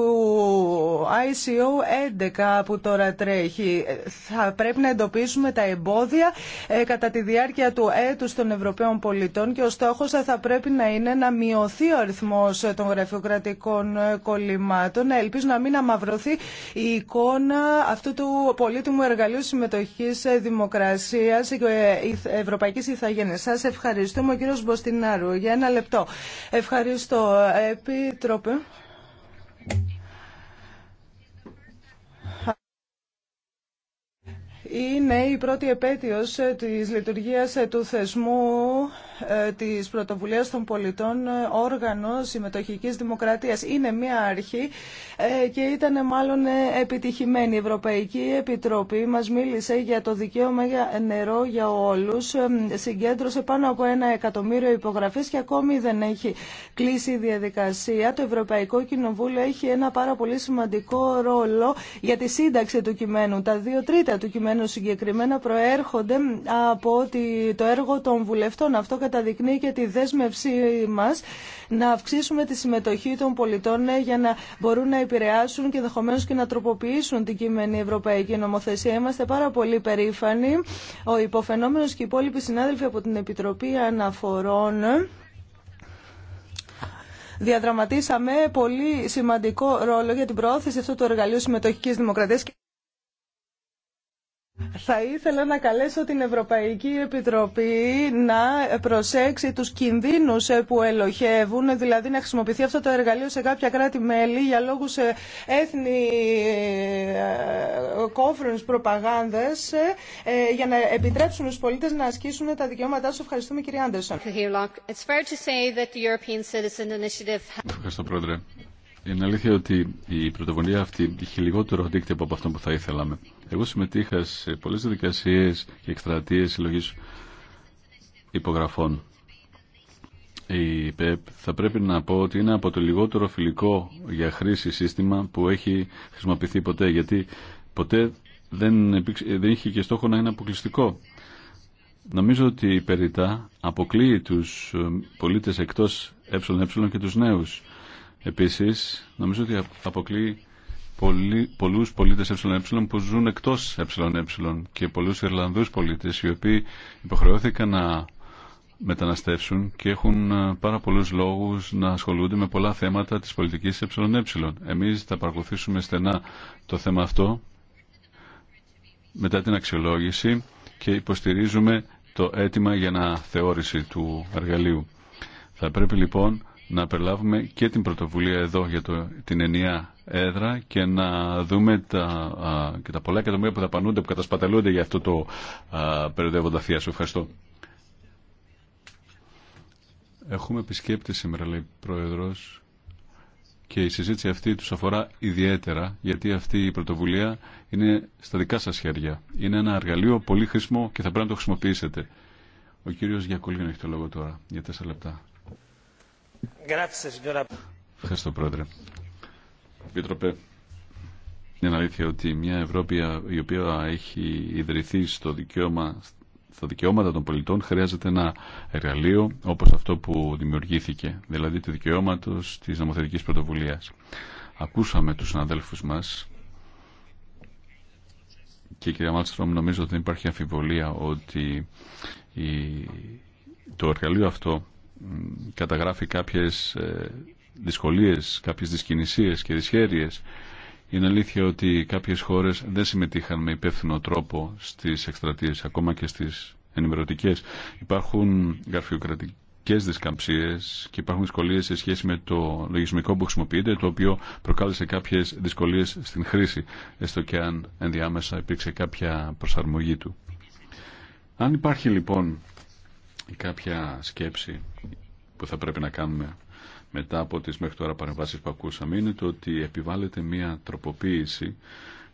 ICO 11 που τώρα τρέχει. Θα πρέπει να εντοπίσουμε αντιμετωπίσουμε τα εμπόδια ε, κατά τη διάρκεια του έτους των Ευρωπαίων πολιτών και ο στόχος ε, θα πρέπει να είναι να μειωθεί ο αριθμός ε, των γραφειοκρατικών κολλημάτων. Ελπίζω να μην αμαυρωθεί η εικόνα αυτού του πολύτιμου εργαλείου συμμετοχής δημοκρασίας και ευρωπαϊκής ηθαγένεια. Σας ευχαριστούμε ο κύριος Μποστινάρου. Για ένα λεπτό. Ευχαριστώ. Επίτροπε. Είναι η πρώτη επέτειος ε, της λειτουργίας ε, του θεσμού ε, της πρωτοβουλίας των πολιτών ε, όργανο συμμετοχικής δημοκρατίας. Είναι μια αρχή ε, και ήταν μάλλον επιτυχημένη. Η Ευρωπαϊκή Επιτροπή μας μίλησε για το δικαίωμα για νερό για όλους. Συγκέντρωσε πάνω από ένα εκατομμύριο υπογραφές και ακόμη δεν έχει κλείσει η διαδικασία. Το Ευρωπαϊκό Κοινοβούλιο έχει ένα πάρα πολύ σημαντικό ρόλο για τη σύνταξη του κειμένου. Τα δύο τρίτα του κειμένου συγκεκριμένα προέρχονται από το έργο των βουλευτών. Αυτό καταδεικνύει και τη δέσμευσή μας να αυξήσουμε τη συμμετοχή των πολιτών ναι, για να μπορούν να επηρεάσουν και ενδεχομένω και να τροποποιήσουν την κείμενη Ευρωπαϊκή Νομοθεσία. Είμαστε πάρα πολύ περήφανοι. Ο υποφαινόμενος και οι υπόλοιποι συνάδελφοι από την Επιτροπή Αναφορών διαδραματίσαμε πολύ σημαντικό ρόλο για την προώθηση αυτού του εργαλείου συμμετοχικής δημοκρατίας. Θα ήθελα να καλέσω την Ευρωπαϊκή Επιτροπή να προσέξει τους κινδύνους ε, που ελοχεύουν, δηλαδή να χρησιμοποιηθεί αυτό το εργαλείο σε κάποια κράτη-μέλη για λόγους ε, έθνη ε, κόφρονης προπαγάνδας, για να επιτρέψουν στους πολίτες να ασκήσουν τα δικαιώματά τους. Ευχαριστούμε κύριε Άντερσον. Ευχαριστώ πρόεδρε. Είναι αλήθεια ότι η πρωτοβουλία αυτή είχε λιγότερο αντίκτυπο από αυτό που θα ήθελαμε. Εγώ συμμετείχα σε πολλές δικασίες και εκστρατείες συλλογή υπογραφών. Η ΠΕΠ θα πρέπει να πω ότι είναι από το λιγότερο φιλικό για χρήση σύστημα που έχει χρησιμοποιηθεί ποτέ, γιατί ποτέ δεν, δεν είχε και στόχο να είναι αποκλειστικό. Νομίζω ότι η Περιτά αποκλείει τους ε, πολίτες εκτός ΕΕ και τους νέους. Επίσης, νομίζω ότι αποκλείει πολλούς πολίτες ΕΕ που ζουν εκτός ΕΕ και πολλούς Ιρλανδούς πολίτες οι οποίοι υποχρεώθηκαν να μεταναστεύσουν και έχουν ε, πάρα πολλούς λόγους να ασχολούνται με πολλά θέματα της πολιτικής ΕΕ. Εμείς θα παρακολουθήσουμε στενά το θέμα αυτό μετά την αξιολόγηση και υποστηρίζουμε το αίτημα για να θεώρηση του εργαλείου. Θα πρέπει λοιπόν να περιλάβουμε και την πρωτοβουλία εδώ για την ενιαία έδρα και να δούμε τα, και τα πολλά εκατομμύρια που πανούνται που κατασπαταλούνται για αυτό το περιοδεύοντα θεία. Σου ευχαριστώ. Έχουμε επισκέπτη σήμερα, λέει Πρόεδρο, και η συζήτηση αυτή του αφορά ιδιαίτερα, γιατί αυτή η πρωτοβουλία είναι στα δικά σας χέρια. Είναι ένα εργαλείο πολύ χρήσιμο και θα πρέπει να το χρησιμοποιήσετε. Ο κύριος Γιακολίνο έχει το λόγο τώρα, για τέσσερα λεπτά. Ευχαριστώ, Πρόεδρε. Επίτροπε, είναι αλήθεια ότι μια Ευρώπη η οποία έχει ιδρυθεί στο δικαίωμα στα δικαιώματα των πολιτών χρειάζεται ένα εργαλείο όπως αυτό που δημιουργήθηκε, δηλαδή του δικαιώματος της νομοθετικής πρωτοβουλίας. Ακούσαμε τους συναδέλφους μας και κυρία Μάλστρομ νομίζω ότι δεν υπάρχει αμφιβολία ότι το εργαλείο αυτό καταγράφει κάποιες ε, δυσκολίες, κάποιες δυσκινησίες και δυσχέρειες. Είναι αλήθεια ότι κάποιες χώρες δεν συμμετείχαν με υπεύθυνο τρόπο στις εκστρατείες, ακόμα και στις ενημερωτικές. Υπάρχουν γραφειοκρατικές δυσκαμψίες και υπάρχουν δυσκολίες σε σχέση με το λογισμικό που χρησιμοποιείται, το οποίο προκάλεσε κάποιες δυσκολίες στην χρήση, έστω και αν ενδιάμεσα υπήρξε κάποια προσαρμογή του. Αν υπάρχει λοιπόν κάποια σκέψη που θα πρέπει να κάνουμε μετά από τις μέχρι τώρα παρεμβάσεις που ακούσαμε είναι το ότι επιβάλλεται μια τροποποίηση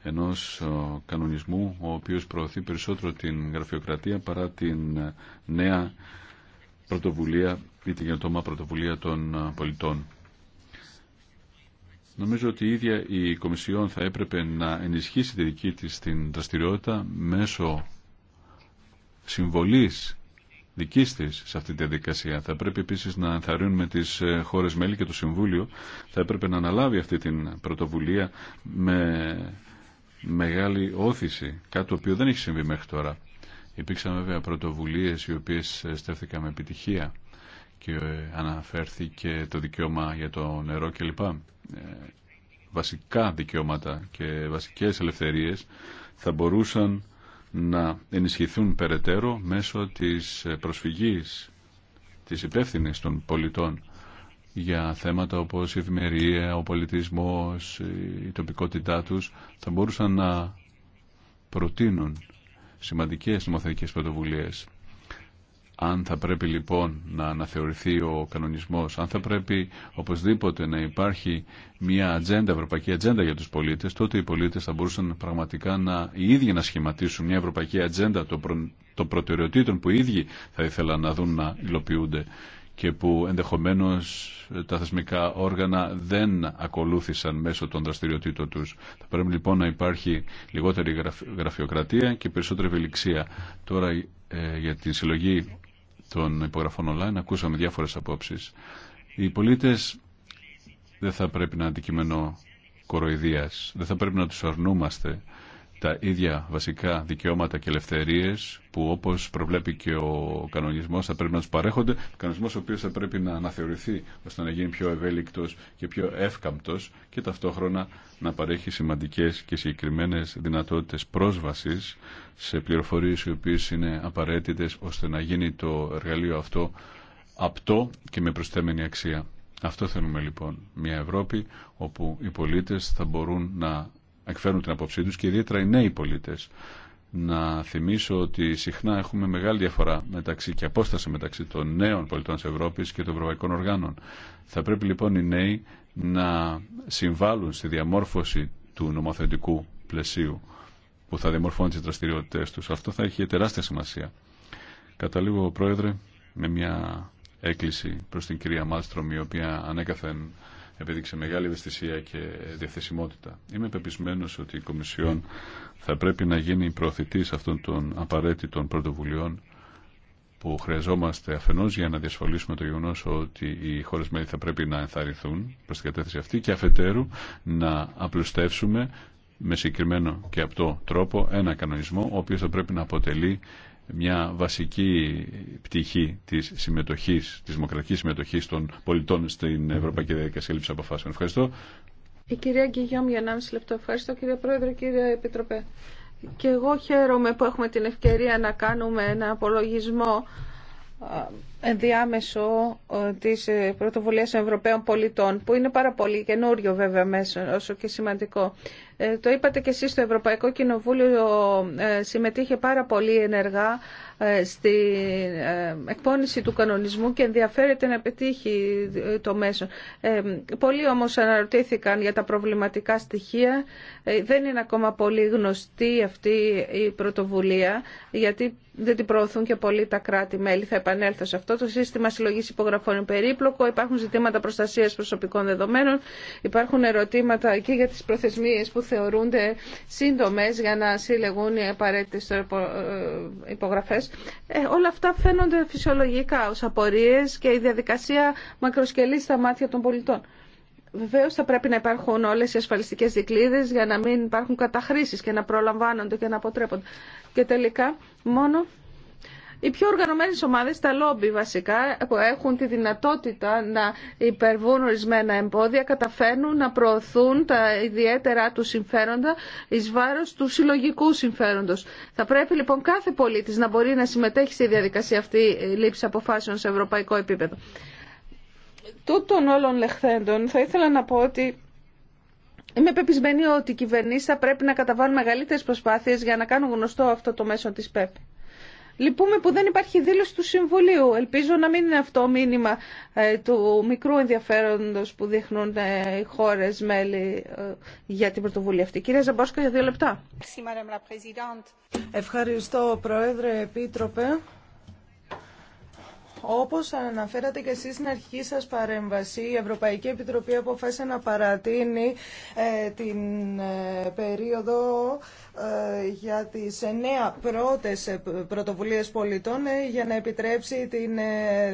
ενός ε, κανονισμού ο οποίος προωθεί περισσότερο την γραφειοκρατία παρά την ε, νέα πρωτοβουλία ή την γενοτόμα πρωτοβουλία των ε, πολιτών. Νομίζω ότι η ίδια η Κομισιόν θα έπρεπε να ενισχύσει τη δική της την δραστηριότητα μέσω συμβολής δική τη σε αυτή τη διαδικασία. Θα πρέπει επίση να ενθαρρύνουμε τι ε, χώρε μέλη και το Συμβούλιο θα έπρεπε να αναλάβει αυτή την πρωτοβουλία με μεγάλη όθηση, κάτι το οποίο δεν έχει συμβεί μέχρι τώρα. Υπήρξαν βέβαια πρωτοβουλίε οι οποίε ε, στέφθηκαν με επιτυχία και ε, αναφέρθηκε το δικαίωμα για το νερό κλπ. Βασικά δικαιώματα και βασικές ελευθερίες θα μπορούσαν να ενισχυθούν περαιτέρω μέσω της προσφυγής της υπεύθυνη των πολιτών για θέματα όπως η ευημερία, ο πολιτισμός, η τοπικότητά τους θα μπορούσαν να προτείνουν σημαντικές νομοθετικές πρωτοβουλίες αν θα πρέπει λοιπόν να αναθεωρηθεί ο κανονισμός, αν θα πρέπει οπωσδήποτε να υπάρχει μια ατζέντα, ευρωπαϊκή ατζέντα για τους πολίτες, τότε οι πολίτες θα μπορούσαν πραγματικά να, οι ίδιοι να σχηματίσουν μια ευρωπαϊκή ατζέντα των προ, προτεραιοτήτων που οι ίδιοι θα ήθελαν να δουν να υλοποιούνται και που ενδεχομένως τα θεσμικά όργανα δεν ακολούθησαν μέσω των δραστηριοτήτων τους. Θα πρέπει λοιπόν να υπάρχει λιγότερη γραφειοκρατία και περισσότερη ευελιξία. Τώρα ε, για την συλλογή των υπογραφών online, ακούσαμε διάφορες απόψεις. Οι πολίτες δεν θα πρέπει να αντικείμενο κοροϊδίας, δεν θα πρέπει να τους αρνούμαστε τα ίδια βασικά δικαιώματα και ελευθερίε που όπω προβλέπει και ο κανονισμό θα πρέπει να του παρέχονται. Ο κανονισμό ο οποίο θα πρέπει να αναθεωρηθεί ώστε να γίνει πιο ευέλικτο και πιο εύκαμπτο και ταυτόχρονα να παρέχει σημαντικέ και συγκεκριμένε δυνατότητε πρόσβαση σε πληροφορίε οι οποίε είναι απαραίτητε ώστε να γίνει το εργαλείο αυτό απτό και με προσθέμενη αξία. Αυτό θέλουμε λοιπόν. Μια Ευρώπη όπου οι πολίτες θα μπορούν να εκφέρουν την απόψή τους και ιδιαίτερα οι νέοι πολίτες. Να θυμίσω ότι συχνά έχουμε μεγάλη διαφορά μεταξύ και απόσταση μεταξύ των νέων πολιτών της Ευρώπης και των ευρωπαϊκών οργάνων. Θα πρέπει λοιπόν οι νέοι να συμβάλλουν στη διαμόρφωση του νομοθετικού πλαισίου που θα διαμορφώνει τις δραστηριότητες τους. Αυτό θα έχει τεράστια σημασία. Καταλήγω, Πρόεδρε, με μια έκκληση προς την κυρία Μάλστρομ, η οποία ανέκαθεν επέδειξε μεγάλη ευαισθησία και διαθεσιμότητα. Είμαι πεπισμένο ότι η Κομισιόν θα πρέπει να γίνει προωθητή αυτών των απαραίτητων πρωτοβουλειών που χρειαζόμαστε αφενό για να διασφαλίσουμε το γεγονό ότι οι χώρε μέλη θα πρέπει να ενθαρρυνθούν προ την κατεύθυνση αυτή και αφετέρου να απλουστεύσουμε με συγκεκριμένο και αυτό τρόπο ένα κανονισμό ο οποίο θα πρέπει να αποτελεί μια βασική πτυχή της συμμετοχής, της δημοκρατικής συμμετοχής των πολιτών στην Ευρωπαϊκή Διαδικασία Λήψης Αποφάσεων. Ευχαριστώ. Η κυρία Γκυγιόμ για 1,5 λεπτό. Ευχαριστώ κύριε Πρόεδρε, κύριε Επιτροπέ. Και εγώ χαίρομαι που έχουμε την ευκαιρία να κάνουμε ένα απολογισμό ενδιάμεσο ε, της ε, πρωτοβουλίας Ευρωπαίων πολιτών, που είναι πάρα πολύ καινούριο βέβαια μέσα, όσο και σημαντικό. Ε, το είπατε και εσείς, το Ευρωπαϊκό Κοινοβούλιο ε, συμμετείχε πάρα πολύ ενεργά ε, στην εκπόνηση του κανονισμού και ενδιαφέρεται να πετύχει το μέσο. Πολλοί όμως αναρωτήθηκαν για τα προβληματικά στοιχεία. Δεν είναι ακόμα πολύ γνωστή αυτή η πρωτοβουλία, γιατί δεν την προωθούν και πολλοί τα κράτη-μέλη. Θα επανέλθω σε αυτό. Το σύστημα συλλογή υπογραφών είναι περίπλοκο. Υπάρχουν ζητήματα προστασία προσωπικών δεδομένων. Υπάρχουν ερωτήματα για τι προθεσμίε θεωρούνται σύντομες για να συλλεγούν οι απαραίτητες ε, υπογραφές. Ε, όλα αυτά φαίνονται φυσιολογικά ως απορίες και η διαδικασία μακροσκελεί στα μάτια των πολιτών. Βεβαίω θα πρέπει να υπάρχουν όλε οι ασφαλιστικέ δικλείδε για να μην υπάρχουν καταχρήσει και να προλαμβάνονται και να αποτρέπονται. Και τελικά μόνο οι πιο οργανωμένε ομάδε, τα λόμπι βασικά, που έχουν τη δυνατότητα να υπερβούν ορισμένα εμπόδια, καταφέρνουν να προωθούν τα ιδιαίτερα του συμφέροντα ει βάρος του συλλογικού συμφέροντος. Θα πρέπει λοιπόν κάθε πολίτη να μπορεί να συμμετέχει στη διαδικασία αυτή λήψη αποφάσεων σε ευρωπαϊκό επίπεδο. Τούτων όλων λεχθέντων θα ήθελα να πω ότι Είμαι πεπισμένη ότι οι κυβερνήσει θα πρέπει να καταβάλουν μεγαλύτερε προσπάθειε για να κάνουν γνωστό αυτό το μέσο τη ΠΕΠ. Λυπούμε που δεν υπάρχει δήλωση του Συμβουλίου. Ελπίζω να μην είναι αυτό μήνυμα ε, του μικρού ενδιαφέροντος που δείχνουν ε, οι χώρες μέλη ε, για την πρωτοβουλία αυτή. Κυρία Ζαμπόσκα, για δύο λεπτά. Ευχαριστώ, Πρόεδρε, Επίτροπε. Όπως αναφέρατε και εσείς στην αρχή σας παρέμβαση, η Ευρωπαϊκή Επιτροπή αποφάσισε να παρατείνει ε, την ε, περίοδο ε, για τις εννέα πρώτες πρωτοβουλίες πολιτών για να επιτρέψει την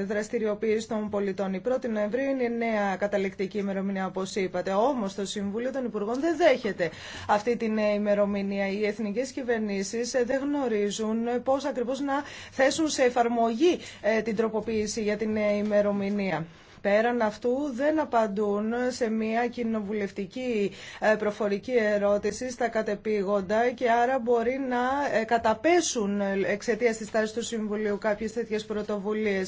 δραστηριοποίηση των πολιτών. Η 1η Νοεμβρίου είναι η νέα καταληκτική ημερομηνία, όπως είπατε. Όμως το Συμβούλιο των Υπουργών δεν δέχεται αυτή την ημερομηνία. Οι εθνικές κυβερνήσεις δεν γνωρίζουν πώς ακριβώς να θέσουν σε εφαρμογή την τροποποίηση τροποποίηση για την ημερομηνία. Πέραν αυτού δεν απαντούν σε μια κοινοβουλευτική ε, προφορική ερώτηση στα κατεπήγοντα και άρα μπορεί να ε, καταπέσουν εξαιτία τη τάση του Συμβουλίου κάποιε τέτοιε πρωτοβουλίε.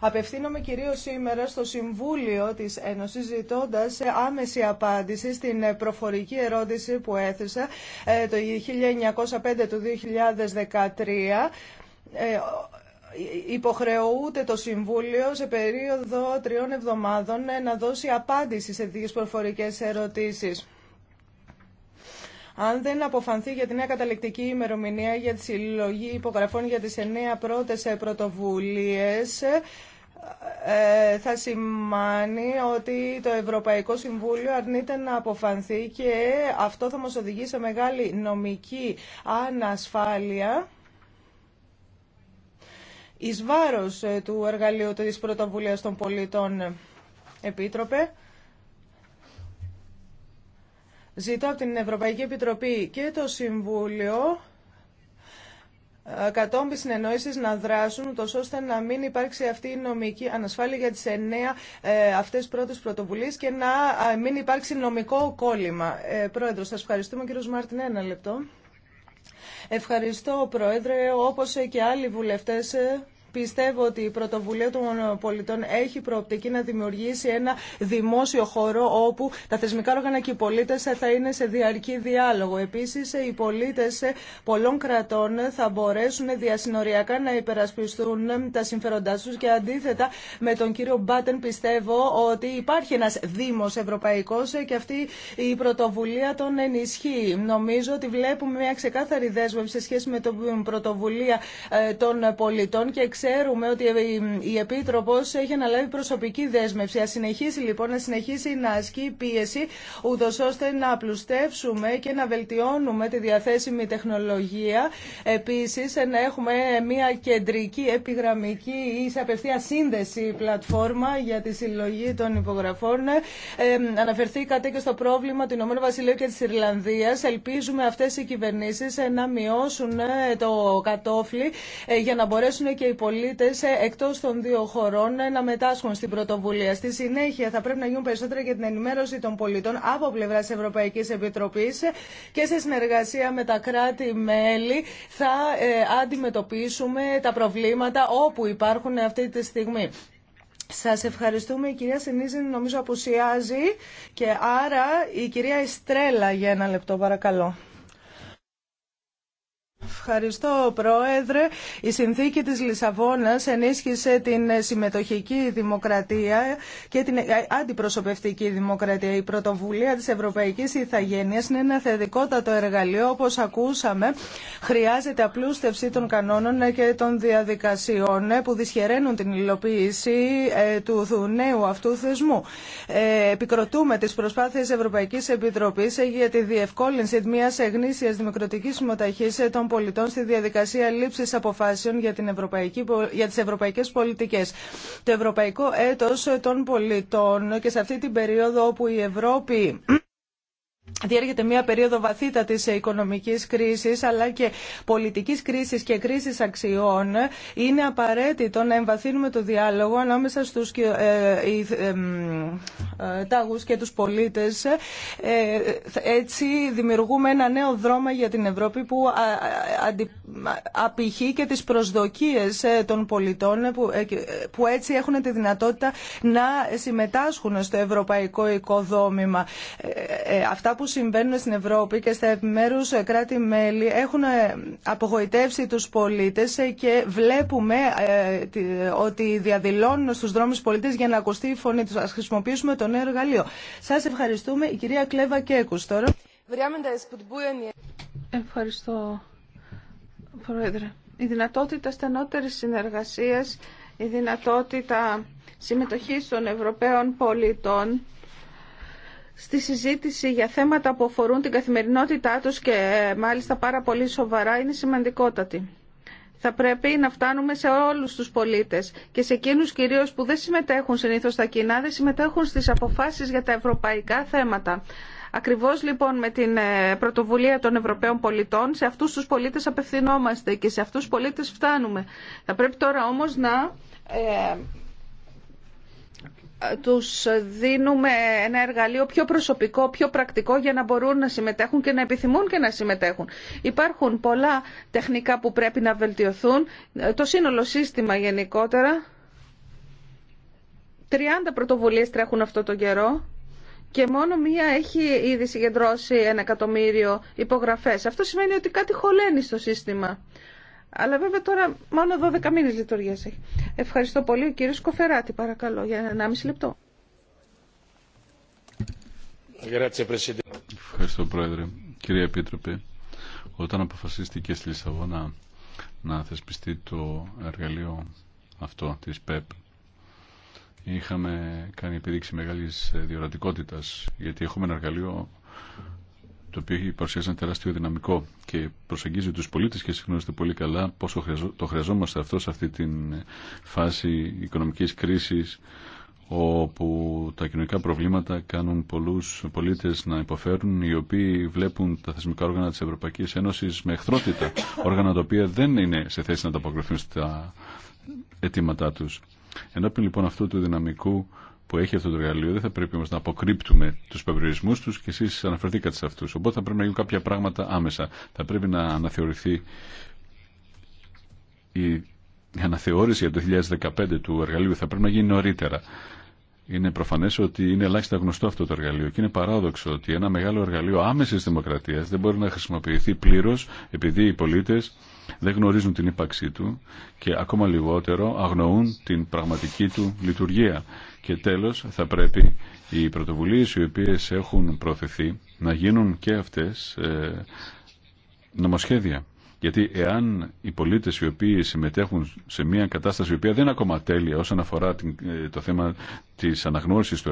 Απευθύνομαι κυρίω σήμερα στο Συμβούλιο της Ένωση ζητώντα ε, άμεση απάντηση στην προφορική ερώτηση που έθεσα το 1905 του 2013 υποχρεούται το Συμβούλιο σε περίοδο τριών εβδομάδων να δώσει απάντηση σε δύο προφορικές ερωτήσεις. Αν δεν αποφανθεί για την νέα καταληκτική ημερομηνία για τη συλλογή υπογραφών για τις εννέα πρώτες πρωτοβουλίες, ε, θα σημάνει ότι το Ευρωπαϊκό Συμβούλιο αρνείται να αποφανθεί και αυτό θα μας οδηγεί σε μεγάλη νομική ανασφάλεια εις βάρος ε, του εργαλείου της πρωτοβουλίας των πολιτών ε, επίτροπε. Ζητώ από την Ευρωπαϊκή Επιτροπή και το Συμβούλιο ε, κατόμπι συνεννόησης να δράσουν, τόσο ώστε να μην υπάρξει αυτή η νομική ανασφάλεια για τις εννέα ε, αυτές πρώτες πρωτοβουλίες και να μην υπάρξει νομικό κόλλημα. Ε, πρόεδρος, σας ευχαριστούμε. Κύριος Μάρτιν, ένα λεπτό. Ευχαριστώ, Πρόεδρε, όπως και άλλοι βουλευτές Πιστεύω ότι η πρωτοβουλία των πολιτών έχει προοπτική να δημιουργήσει ένα δημόσιο χώρο όπου τα θεσμικά όργανα και οι πολίτε θα είναι σε διαρκή διάλογο. Επίση, οι πολίτε πολλών κρατών θα μπορέσουν διασυνοριακά να υπερασπιστούν τα συμφέροντά του και αντίθετα με τον κύριο Μπάτεν πιστεύω ότι υπάρχει ένα Δήμο Ευρωπαϊκό και αυτή η πρωτοβουλία τον ενισχύει. Νομίζω ότι βλέπουμε μια ξεκάθαρη δέσμευση σε σχέση με την πρωτοβουλία ε, των πολιτών και ξέρουμε ότι η Επίτροπο έχει αναλάβει προσωπική δέσμευση. Α συνεχίσει λοιπόν, να συνεχίσει να ασκεί πίεση, ούτω ώστε να απλουστεύσουμε και να βελτιώνουμε τη διαθέσιμη τεχνολογία. Επίση, να έχουμε μια κεντρική επιγραμμική ή σε απευθεία σύνδεση πλατφόρμα για τη συλλογή των υπογραφών. Ε, αναφερθήκατε και στο πρόβλημα του Ηνωμένου Βασιλείου και τη Ιρλανδία. Ελπίζουμε αυτέ οι κυβερνήσει ε, να μειώσουν ε, το κατόφλι ε, για να μπορέσουν και οι πολίτες πολίτες ε, εκτός των δύο χωρών ε, να μετάσχουν στην πρωτοβουλία. Στη συνέχεια θα πρέπει να γίνουν περισσότερα για την ενημέρωση των πολιτών από πλευράς Ευρωπαϊκή Επιτροπή ε, και σε συνεργασία με τα κράτη-μέλη θα αντιμετωπίσουμε τα προβλήματα όπου υπάρχουν αυτή τη στιγμή. Σας ευχαριστούμε. Η κυρία Σινίζη νομίζω απουσιάζει και άρα η κυρία Εστρέλα για ένα λεπτό παρακαλώ. Ευχαριστώ, Πρόεδρε. Η συνθήκη της Λισαβόνας ενίσχυσε την συμμετοχική δημοκρατία και την αντιπροσωπευτική δημοκρατία. Η πρωτοβουλία της Ευρωπαϊκής Ιθαγένειας είναι ένα θετικότατο εργαλείο, όπως ακούσαμε. Χρειάζεται απλούστευση των κανόνων και των διαδικασιών ε, που δυσχεραίνουν την υλοποίηση ε, του νέου αυτού θεσμού. Ε, επικροτούμε τις προσπάθειες Ευρωπαϊκής Επιτροπής για τη διευκόλυνση μιας εγνήσιας δημοκρατικής των πολιτών πολιτών στη διαδικασία λήψη αποφάσεων για, την ευρωπαϊκή, για τις ευρωπαϊκές πολιτικές. Το ευρωπαϊκό έτος των πολιτών και σε αυτή την περίοδο όπου η Ευρώπη διέρχεται μια περίοδο βαθύτατης οικονομικής κρίσης αλλά και πολιτικής κρίσης και κρίσης αξιών είναι απαραίτητο να εμβαθύνουμε το διάλογο ανάμεσα στους ε, ε, ε, ε, τάγους και τους πολίτες έτσι δημιουργούμε ένα νέο δρόμο για την Ευρώπη που απηχεί και τις προσδοκίες των πολιτών που, έτσι έχουν τη δυνατότητα να συμμετάσχουν στο ευρωπαϊκό οικοδόμημα. Αυτά που συμβαίνουν στην Ευρώπη και στα επιμέρους κράτη-μέλη έχουν ε, απογοητεύσει τους πολίτες ε, και βλέπουμε ε, ότι διαδηλώνουν στους δρόμους πολίτες για να ακουστεί η φωνή τους. Ας χρησιμοποιήσουμε το νέο εργαλείο. Σας ευχαριστούμε. Η κυρία Κλέβα Κέκους τώρα. Ευχαριστώ, Πρόεδρε. Η δυνατότητα στενότερης συνεργασίας, η δυνατότητα συμμετοχής των Ευρωπαίων πολιτών στη συζήτηση για θέματα που αφορούν την καθημερινότητά τους και ε, μάλιστα πάρα πολύ σοβαρά είναι σημαντικότατη. Θα πρέπει να φτάνουμε σε όλους τους πολίτες και σε εκείνους κυρίως που δεν συμμετέχουν συνήθως στα κοινά, δεν συμμετέχουν στις αποφάσεις για τα ευρωπαϊκά θέματα. Ακριβώς λοιπόν με την ε, πρωτοβουλία των Ευρωπαίων πολιτών σε αυτούς τους πολίτες απευθυνόμαστε και σε αυτούς τους πολίτες φτάνουμε. Θα πρέπει τώρα όμως να ε, τους δίνουμε ένα εργαλείο πιο προσωπικό, πιο πρακτικό για να μπορούν να συμμετέχουν και να επιθυμούν και να συμμετέχουν. Υπάρχουν πολλά τεχνικά που πρέπει να βελτιωθούν. Το σύνολο σύστημα γενικότερα, 30 πρωτοβουλίες τρέχουν αυτό το καιρό και μόνο μία έχει ήδη συγκεντρώσει ένα εκατομμύριο υπογραφές. Αυτό σημαίνει ότι κάτι χωλαίνει στο σύστημα. Αλλά βέβαια τώρα μόνο 12 μήνες λειτουργίας έχει. Ευχαριστώ πολύ. Ο κύριος Κοφεράτη παρακαλώ για 1,5 λεπτό. Ευχαριστώ Πρόεδρε. Κύριε Επίτροπε, όταν αποφασίστηκε στη Λισαβόνα να θεσπιστεί το εργαλείο αυτό της ΠΕΠ είχαμε κάνει επιδείξη μεγάλης διορατικότητας γιατί έχουμε ένα εργαλείο το οποίο έχει παρουσιάσει ένα τεράστιο δυναμικό και προσεγγίζει τους πολίτες και συγνώριζεται πολύ καλά πόσο το χρειαζόμαστε αυτό σε αυτή την φάση οικονομικής κρίσης όπου τα κοινωνικά προβλήματα κάνουν πολλούς πολίτες να υποφέρουν οι οποίοι βλέπουν τα θεσμικά όργανα της Ευρωπαϊκής Ένωσης με εχθρότητα όργανα τα οποία δεν είναι σε θέση να ανταποκριθούν στα αιτήματά τους. Ενώπιν λοιπόν αυτού του δυναμικού που έχει αυτό το εργαλείο, δεν θα πρέπει όμω να αποκρύπτουμε του περιορισμού του και εσεί αναφερθήκατε σε αυτού. Οπότε θα πρέπει να γίνουν κάποια πράγματα άμεσα. Θα πρέπει να αναθεωρηθεί η αναθεώρηση για το 2015 του εργαλείου. Θα πρέπει να γίνει νωρίτερα. Είναι προφανέ ότι είναι ελάχιστα γνωστό αυτό το εργαλείο και είναι παράδοξο ότι ένα μεγάλο εργαλείο άμεση δημοκρατία δεν μπορεί να χρησιμοποιηθεί πλήρω επειδή οι πολίτε δεν γνωρίζουν την ύπαρξή του και ακόμα λιγότερο αγνοούν την πραγματική του λειτουργία. Και τέλος θα πρέπει οι πρωτοβουλίες οι οποίες έχουν προωθηθεί να γίνουν και αυτές ε, νομοσχέδια γιατί εάν οι πολίτες οι οποίοι συμμετέχουν σε μια κατάσταση η οποία δεν είναι ακόμα τέλεια όσον αφορά ε, το θέμα της αναγνώρισης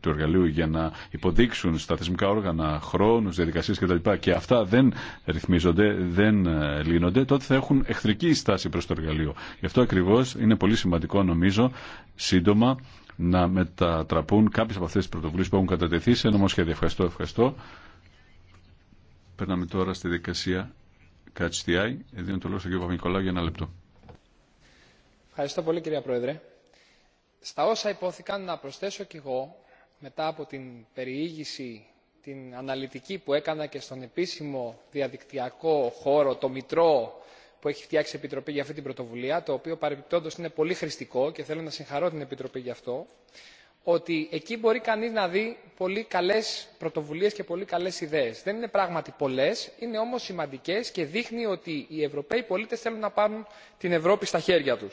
του εργαλείου για να υποδείξουν στα θεσμικά όργανα χρόνους, διαδικασίες κτλ. και αυτά δεν ρυθμίζονται, δεν ε, λύνονται, τότε θα έχουν εχθρική στάση προς το εργαλείο. Γι' αυτό ακριβώς είναι πολύ σημαντικό νομίζω σύντομα να μετατραπούν κάποιες από αυτές τις πρωτοβουλίες που έχουν κατατεθεί σε νομοσχέδια. Ευχαριστώ, ευχαριστώ. Περνάμε τώρα στη δικασία Δίνω το λόγο στον κυριο για ένα λεπτό. Ευχαριστώ πολύ κυρία Πρόεδρε. Στα όσα υπόθηκαν να προσθέσω κι εγώ μετά από την περιήγηση την αναλυτική που έκανα και στον επίσημο διαδικτυακό χώρο, το Μητρό που έχει φτιάξει η Επιτροπή για αυτή την πρωτοβουλία, το οποίο παρεμπιπτόντως είναι πολύ χρηστικό και θέλω να συγχαρώ την Επιτροπή γι' αυτό ότι εκεί μπορεί κανεί να δει πολύ καλέ πρωτοβουλίε και πολύ καλέ ιδέε. Δεν είναι πράγματι πολλέ, είναι όμω σημαντικέ και δείχνει ότι οι Ευρωπαίοι πολίτε θέλουν να πάρουν την Ευρώπη στα χέρια του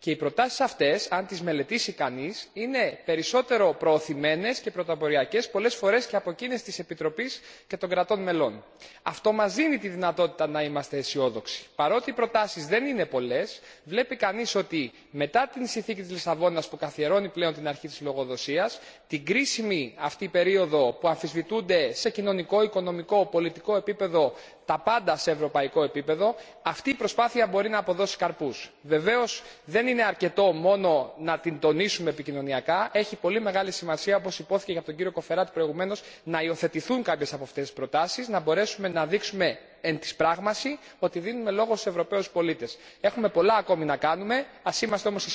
και οι προτάσεις αυτές, αν τις μελετήσει κανείς, είναι περισσότερο προωθημένες και πρωτοποριακές πολλές φορές και από εκείνες τη Επιτροπής και των κρατών μελών. αυτό μας δίνει τη δυνατότητα να είμαστε αισιόδοξοι. παρότι οι προτάσει δεν είναι πολλές, βλέπει κανείς ότι μετά την συνθήκη της Λισαβόνας που καθιερώνει πλέον την αρχή της λογοδοσίας, την κρίσιμη αυτή περίοδο που αμφισβητούνται σε κοινωνικό οικονομικό πολιτικό επίπεδο τα πάντα σε ευρωπαϊκό επίπεδο αυτή η προσπάθεια μπορεί να αποδώσει καρπούς. βεβαίως δεν είναι αρκετό μόνο να την τονίσουμε επικοινωνιακά έχει πολύ μεγάλη σημασία όπως υπόθηκε και από τον κύριο κοφεράτη προηγουμένως να υιοθετηθούν κάποιες από αυτές τις προτάσεις να μπορέσουμε να δείξουμε εν της πράγμαση ότι δίνουμε λόγο στους ευρωπαίους πολίτες. έχουμε πολλά ακόμη να κάνουμε ας είμαστε όμως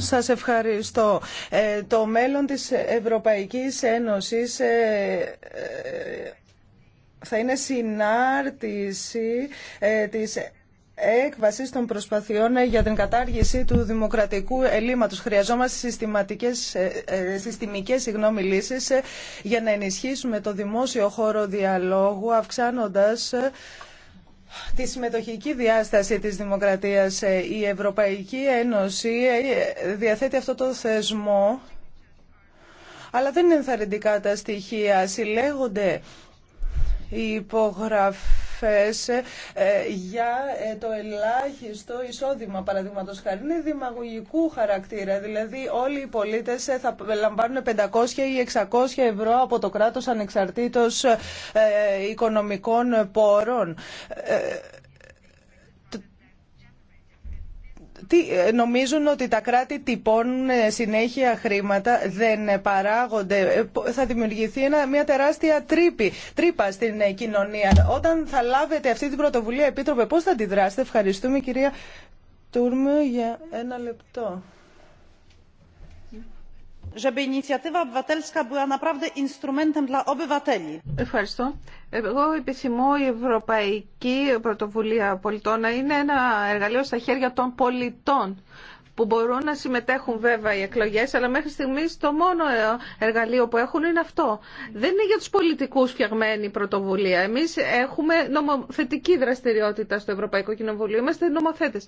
σας ευχαριστώ. Ε, το μέλλον της Ευρωπαϊκής Ένωσης ε, ε, θα είναι συνάρτηση της έκβαση των προσπαθειών για την κατάργηση του δημοκρατικού ελλείμματο. Χρειαζόμαστε συστηματικές, συστημικές συγγνώμη, λύσεις για να ενισχύσουμε το δημόσιο χώρο διαλόγου, αυξάνοντας τη συμμετοχική διάσταση της δημοκρατίας. Ε, η Ευρωπαϊκή Ένωση ε, ε, διαθέτει αυτό το θεσμό, αλλά δεν είναι ενθαρρυντικά τα στοιχεία. Συλλέγονται οι υπογραφές ε, για ε, το ελάχιστο εισόδημα παραδείγματος χάρη. Είναι δημαγωγικού χαρακτήρα. Δηλαδή όλοι οι πολίτες ε, θα λαμβάνουν 500 ή 600 ευρώ από το κράτος ανεξαρτήτως οικονομικών πόρων. τι, ε, νομίζουν ότι τα κράτη τυπώνουν ε, συνέχεια χρήματα, δεν παράγονται. Ε, θα δημιουργηθεί μια τεράστια τρύπη, τρύπα στην κοινωνία. Όταν θα λάβετε αυτή την πρωτοβουλία, Επίτροπε, πώς θα αντιδράσετε. Ευχαριστούμε, κυρία Τούρμου, για ένα λεπτό żeby inicjatywa obywatelska była naprawdę instrumentem dla Ευχαριστώ. Εγώ επιθυμώ η Ευρωπαϊκή Πρωτοβουλία Πολιτών να είναι ένα εργαλείο στα χέρια των πολιτών που μπορούν να συμμετέχουν βέβαια οι εκλογές, αλλά μέχρι στιγμής το μόνο εργαλείο που έχουν είναι αυτό. Δεν είναι για τους πολιτικούς φτιαγμένη η πρωτοβουλία. Εμείς έχουμε νομοθετική δραστηριότητα στο Ευρωπαϊκό Κοινοβουλίο. Είμαστε νομοθέτες.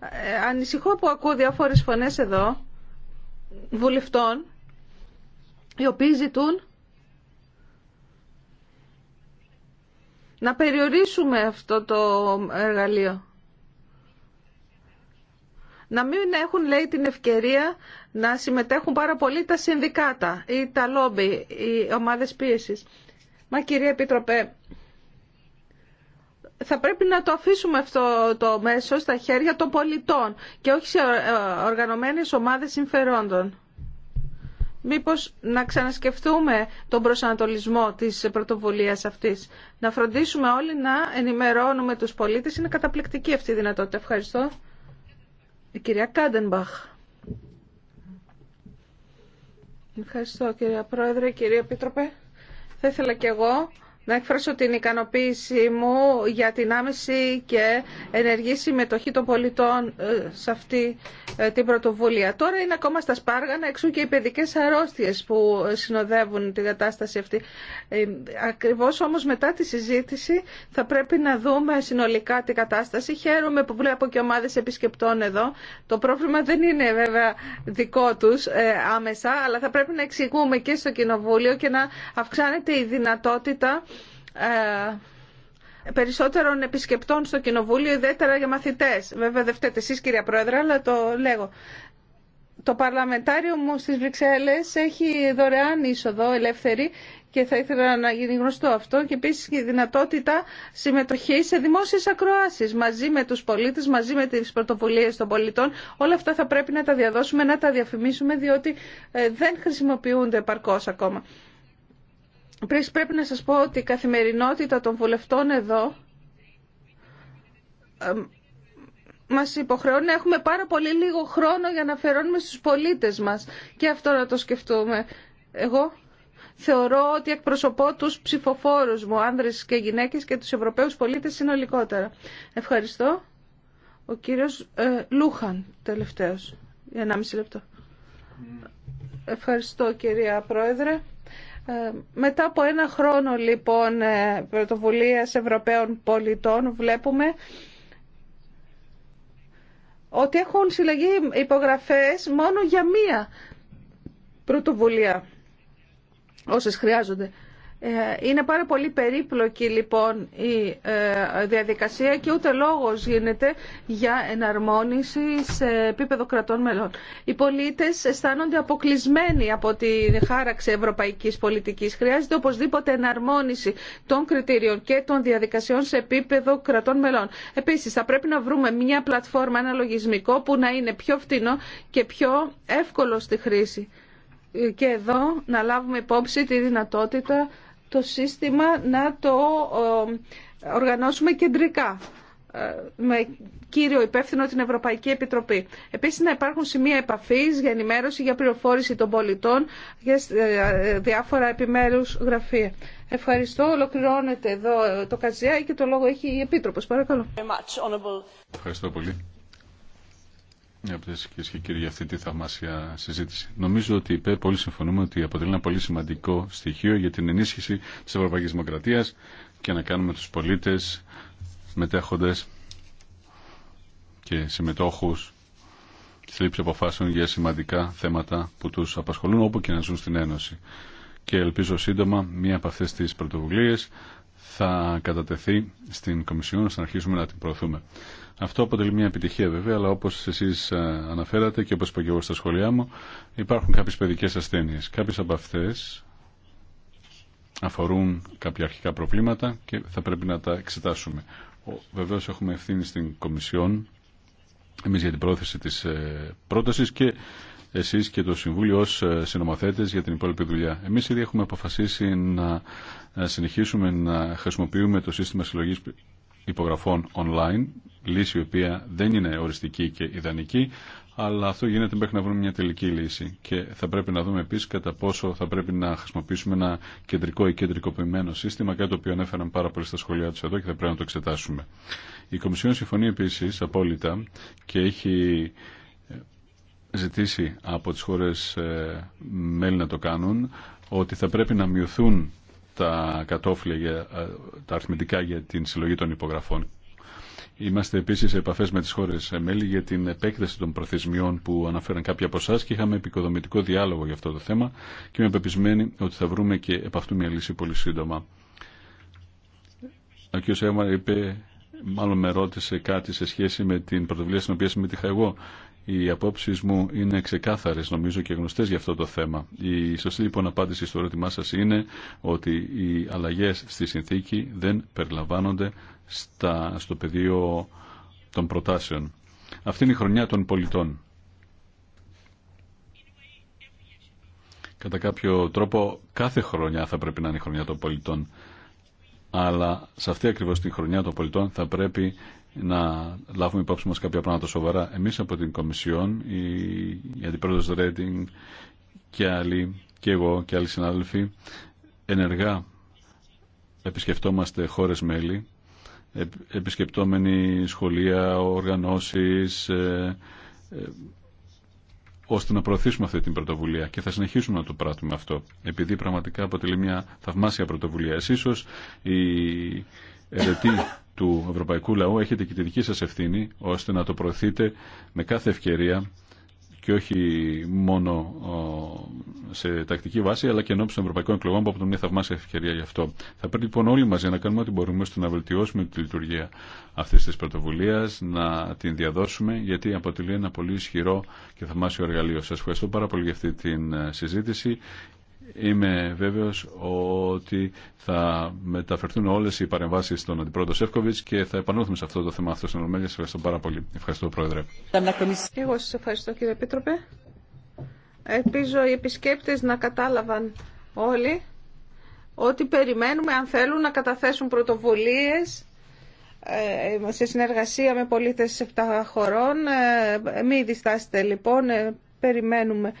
Ε, ανησυχώ που ακούω διάφορε φωνές εδώ βουλευτών οι οποίοι ζητούν να περιορίσουμε αυτό το εργαλείο. Να μην έχουν, λέει, την ευκαιρία να συμμετέχουν πάρα πολύ τα συνδικάτα ή τα λόμπι, οι ομάδες πίεσης. Μα κυρία Επίτροπε, θα πρέπει να το αφήσουμε αυτό το μέσο στα χέρια των πολιτών και όχι σε ε, οργανωμένες ομάδες συμφερόντων. Μήπως να ξανασκεφτούμε τον προσανατολισμό της πρωτοβουλίας αυτής. Να φροντίσουμε όλοι να ενημερώνουμε τους πολίτες. Είναι καταπληκτική αυτή η δυνατότητα. Ευχαριστώ. Η κυρία Κάντενμπαχ. Ευχαριστώ κυρία Πρόεδρε, κυρία Πίτροπε. Θα ήθελα και εγώ να εκφράσω την ικανοποίησή μου για την άμεση και ενεργή συμμετοχή των πολιτών ε, σε αυτή ε, την πρωτοβουλία. Τώρα είναι ακόμα στα σπάργανα, εξού και οι παιδικές αρρώστιες που συνοδεύουν την κατάσταση αυτή. Ε, ακριβώς όμως μετά τη συζήτηση θα πρέπει να δούμε συνολικά την κατάσταση. Χαίρομαι που βλέπω και ομάδες επισκεπτών εδώ. Το πρόβλημα δεν είναι βέβαια δικό τους άμεσα, αλλά θα πρέπει να εξηγούμε και στο Κοινοβούλιο και να αυξάνεται η δυνατότητα ε, περισσότερων επισκεπτών στο Κοινοβούλιο, ιδιαίτερα για μαθητές. Βέβαια δεν φταίτε εσείς κυρία Πρόεδρε, αλλά το λέγω. Το παρλαμεντάριο μου στις Βρυξέλλες έχει δωρεάν είσοδο ελεύθερη και θα ήθελα να γίνει γνωστό αυτό και επίση η δυνατότητα συμμετοχή σε δημόσιε ακροασει μαζί με του πολίτε, μαζί με τι πρωτοβουλίε των πολιτών. Όλα αυτά θα πρέπει να τα διαδώσουμε, να τα διαφημίσουμε διότι ε, δεν χρησιμοποιούνται παρκώ ακόμα πρέπει να σας πω ότι η καθημερινότητα των βουλευτών εδώ μας υποχρεώνει να έχουμε πάρα πολύ λίγο χρόνο για να φερώνουμε στους πολίτες μας και αυτό να το σκεφτούμε. Εγώ θεωρώ ότι εκπροσωπώ τους ψηφοφόρους μου, άνδρες και γυναίκες και τους Ευρωπαίους πολίτες συνολικότερα. Ευχαριστώ. Ο κύριος ε, Λούχαν τελευταίος, για 1,5 λεπτό. Ναι. Ευχαριστώ κυρία Πρόεδρε. Ε, μετά από ένα χρόνο λοιπόν ε, πρωτοβουλίας Ευρωπαίων πολιτών βλέπουμε ότι έχουν συλλεγεί υπογραφές μόνο για μία πρωτοβουλία όσες χρειάζονται. Ε, είναι πάρα πολύ περίπλοκη λοιπόν η ε, διαδικασία και ούτε λόγος γίνεται για εναρμόνιση σε επίπεδο κρατών μελών. Οι πολίτες αισθάνονται αποκλεισμένοι από τη χάραξη ευρωπαϊκής πολιτικής. Χρειάζεται οπωσδήποτε εναρμόνιση των κριτήριων και των διαδικασιών σε επίπεδο κρατών μελών. Επίσης θα πρέπει να βρούμε μια πλατφόρμα, ένα λογισμικό που να είναι πιο φτηνό και πιο εύκολο στη χρήση και εδώ να λάβουμε υπόψη τη δυνατότητα το σύστημα να το ε, οργανώσουμε κεντρικά ε, με κύριο υπεύθυνο την Ευρωπαϊκή Επιτροπή. Επίσης να υπάρχουν σημεία επαφής για ενημέρωση, για πληροφόρηση των πολιτών για ε, διάφορα επιμέρους γραφεία. Ευχαριστώ. Ολοκληρώνεται εδώ το Καζιά και το λόγο έχει η Επίτροπος. Παρακαλώ. Ευχαριστώ πολύ. Να κυρίε και κύριοι, για αυτή τη θαυμάσια συζήτηση. Νομίζω ότι είπε, πολύ συμφωνούμε ότι αποτελεί ένα πολύ σημαντικό στοιχείο για την ενίσχυση τη Ευρωπαϊκή Δημοκρατία και να κάνουμε του πολίτε μετέχοντε και συμμετόχου στη λήψη αποφάσεων για σημαντικά θέματα που του απασχολούν όπου και να ζουν στην Ένωση. Και ελπίζω σύντομα μία από αυτέ τι πρωτοβουλίε θα κατατεθεί στην Κομισιόν ώστε να αρχίσουμε να την προωθούμε. Αυτό αποτελεί μια επιτυχία βέβαια, αλλά όπω εσεί ε, αναφέρατε και όπω είπα και εγώ στα σχολιά μου, υπάρχουν κάποιε παιδικέ ασθένειε. Κάποιε από αυτέ αφορούν κάποια αρχικά προβλήματα και θα πρέπει να τα εξετάσουμε. Βεβαίω έχουμε ευθύνη στην Κομισιόν εμεί για την πρόθεση τη ε, πρόταση και Εσεί και το Συμβούλιο ως ε, συνομοθέτε για την υπόλοιπη δουλειά. Εμεί ήδη έχουμε αποφασίσει να ε, συνεχίσουμε να χρησιμοποιούμε το σύστημα συλλογή υπογραφών online, λύση η οποία δεν είναι οριστική και ιδανική, αλλά αυτό γίνεται μέχρι να βρούμε μια τελική λύση. Και θα πρέπει να δούμε επίση κατά πόσο θα πρέπει να χρησιμοποιήσουμε ένα κεντρικό ή κεντρικοποιημένο σύστημα, κάτι το οποίο ανέφεραν πάρα πολύ στα σχολεία του εδώ και θα πρέπει να το εξετάσουμε. Η Κομισιόν συμφωνεί επίση απόλυτα και έχει ζητήσει από τις χώρες ε, μέλη να το κάνουν ότι θα πρέπει να μειωθούν τα κατόφλια, ε, τα αριθμητικά για την συλλογή των υπογραφών. Είμαστε επίσης σε επαφές με τις χώρες ε, μέλη για την επέκταση των προθεσμιών που αναφέραν κάποιοι από εσά και είχαμε επικοδομητικό διάλογο για αυτό το θέμα και είμαι πεπισμένη ότι θα βρούμε και επ' αυτού μια λύση πολύ σύντομα. Ο κ. Σέμα είπε, μάλλον με ρώτησε κάτι σε σχέση με την πρωτοβουλία στην οποία συμμετείχα εγώ οι απόψεις μου είναι ξεκάθαρες νομίζω και γνωστές για αυτό το θέμα. Η σωστή λοιπόν απάντηση στο ερώτημά σας είναι ότι οι αλλαγές στη συνθήκη δεν περιλαμβάνονται στα, στο πεδίο των προτάσεων. Αυτή είναι η χρονιά των πολιτών. Κατά κάποιο τρόπο κάθε χρονιά θα πρέπει να είναι η χρονιά των πολιτών αλλά σε αυτή ακριβώς τη χρονιά των πολιτών θα πρέπει να λάβουμε υπόψη μας κάποια πράγματα σοβαρά. Εμείς από την Κομισιόν, η, η Αντιπρόεδρος Ρέντινγκ και άλλοι, και εγώ και άλλοι συνάδελφοι, ενεργά επισκεφτόμαστε χώρες μέλη, επισκεπτόμενοι σχολεία, οργανώσεις, ε, ε, ώστε να προωθήσουμε αυτή την πρωτοβουλία και θα συνεχίσουμε να το πράττουμε αυτό, επειδή πραγματικά αποτελεί μια θαυμάσια πρωτοβουλία. Εσείς ως η ερετή του ευρωπαϊκού λαού έχετε και τη δική σας ευθύνη ώστε να το προωθείτε με κάθε ευκαιρία και όχι μόνο σε τακτική βάση, αλλά και ενώπιση των ευρωπαϊκών εκλογών που αποτελούν μια θαυμάσια ευκαιρία γι' αυτό. Θα πρέπει λοιπόν όλοι μαζί να κάνουμε ό,τι μπορούμε ώστε να βελτιώσουμε τη λειτουργία αυτή τη πρωτοβουλία, να την διαδώσουμε, γιατί αποτελεί ένα πολύ ισχυρό και θαυμάσιο εργαλείο. Σα ευχαριστώ πάρα πολύ για αυτή την ε, συζήτηση. Είμαι βέβαιος ότι θα μεταφερθούν όλες οι παρεμβάσεις στον Αντιπρόεδρο Σεύκοβιτς και θα επανέλθουμε σε αυτό το θέμα αυτό στην Σας ευχαριστώ πάρα πολύ. Ευχαριστώ Πρόεδρε. Εγώ σας ευχαριστώ κύριε Επίτροπε. Ελπίζω οι επισκέπτες να κατάλαβαν όλοι ότι περιμένουμε αν θέλουν να καταθέσουν πρωτοβουλίες ε, σε συνεργασία με πολίτες 7 χωρών. Ε, Μην διστάσετε λοιπόν, ε, περιμένουμε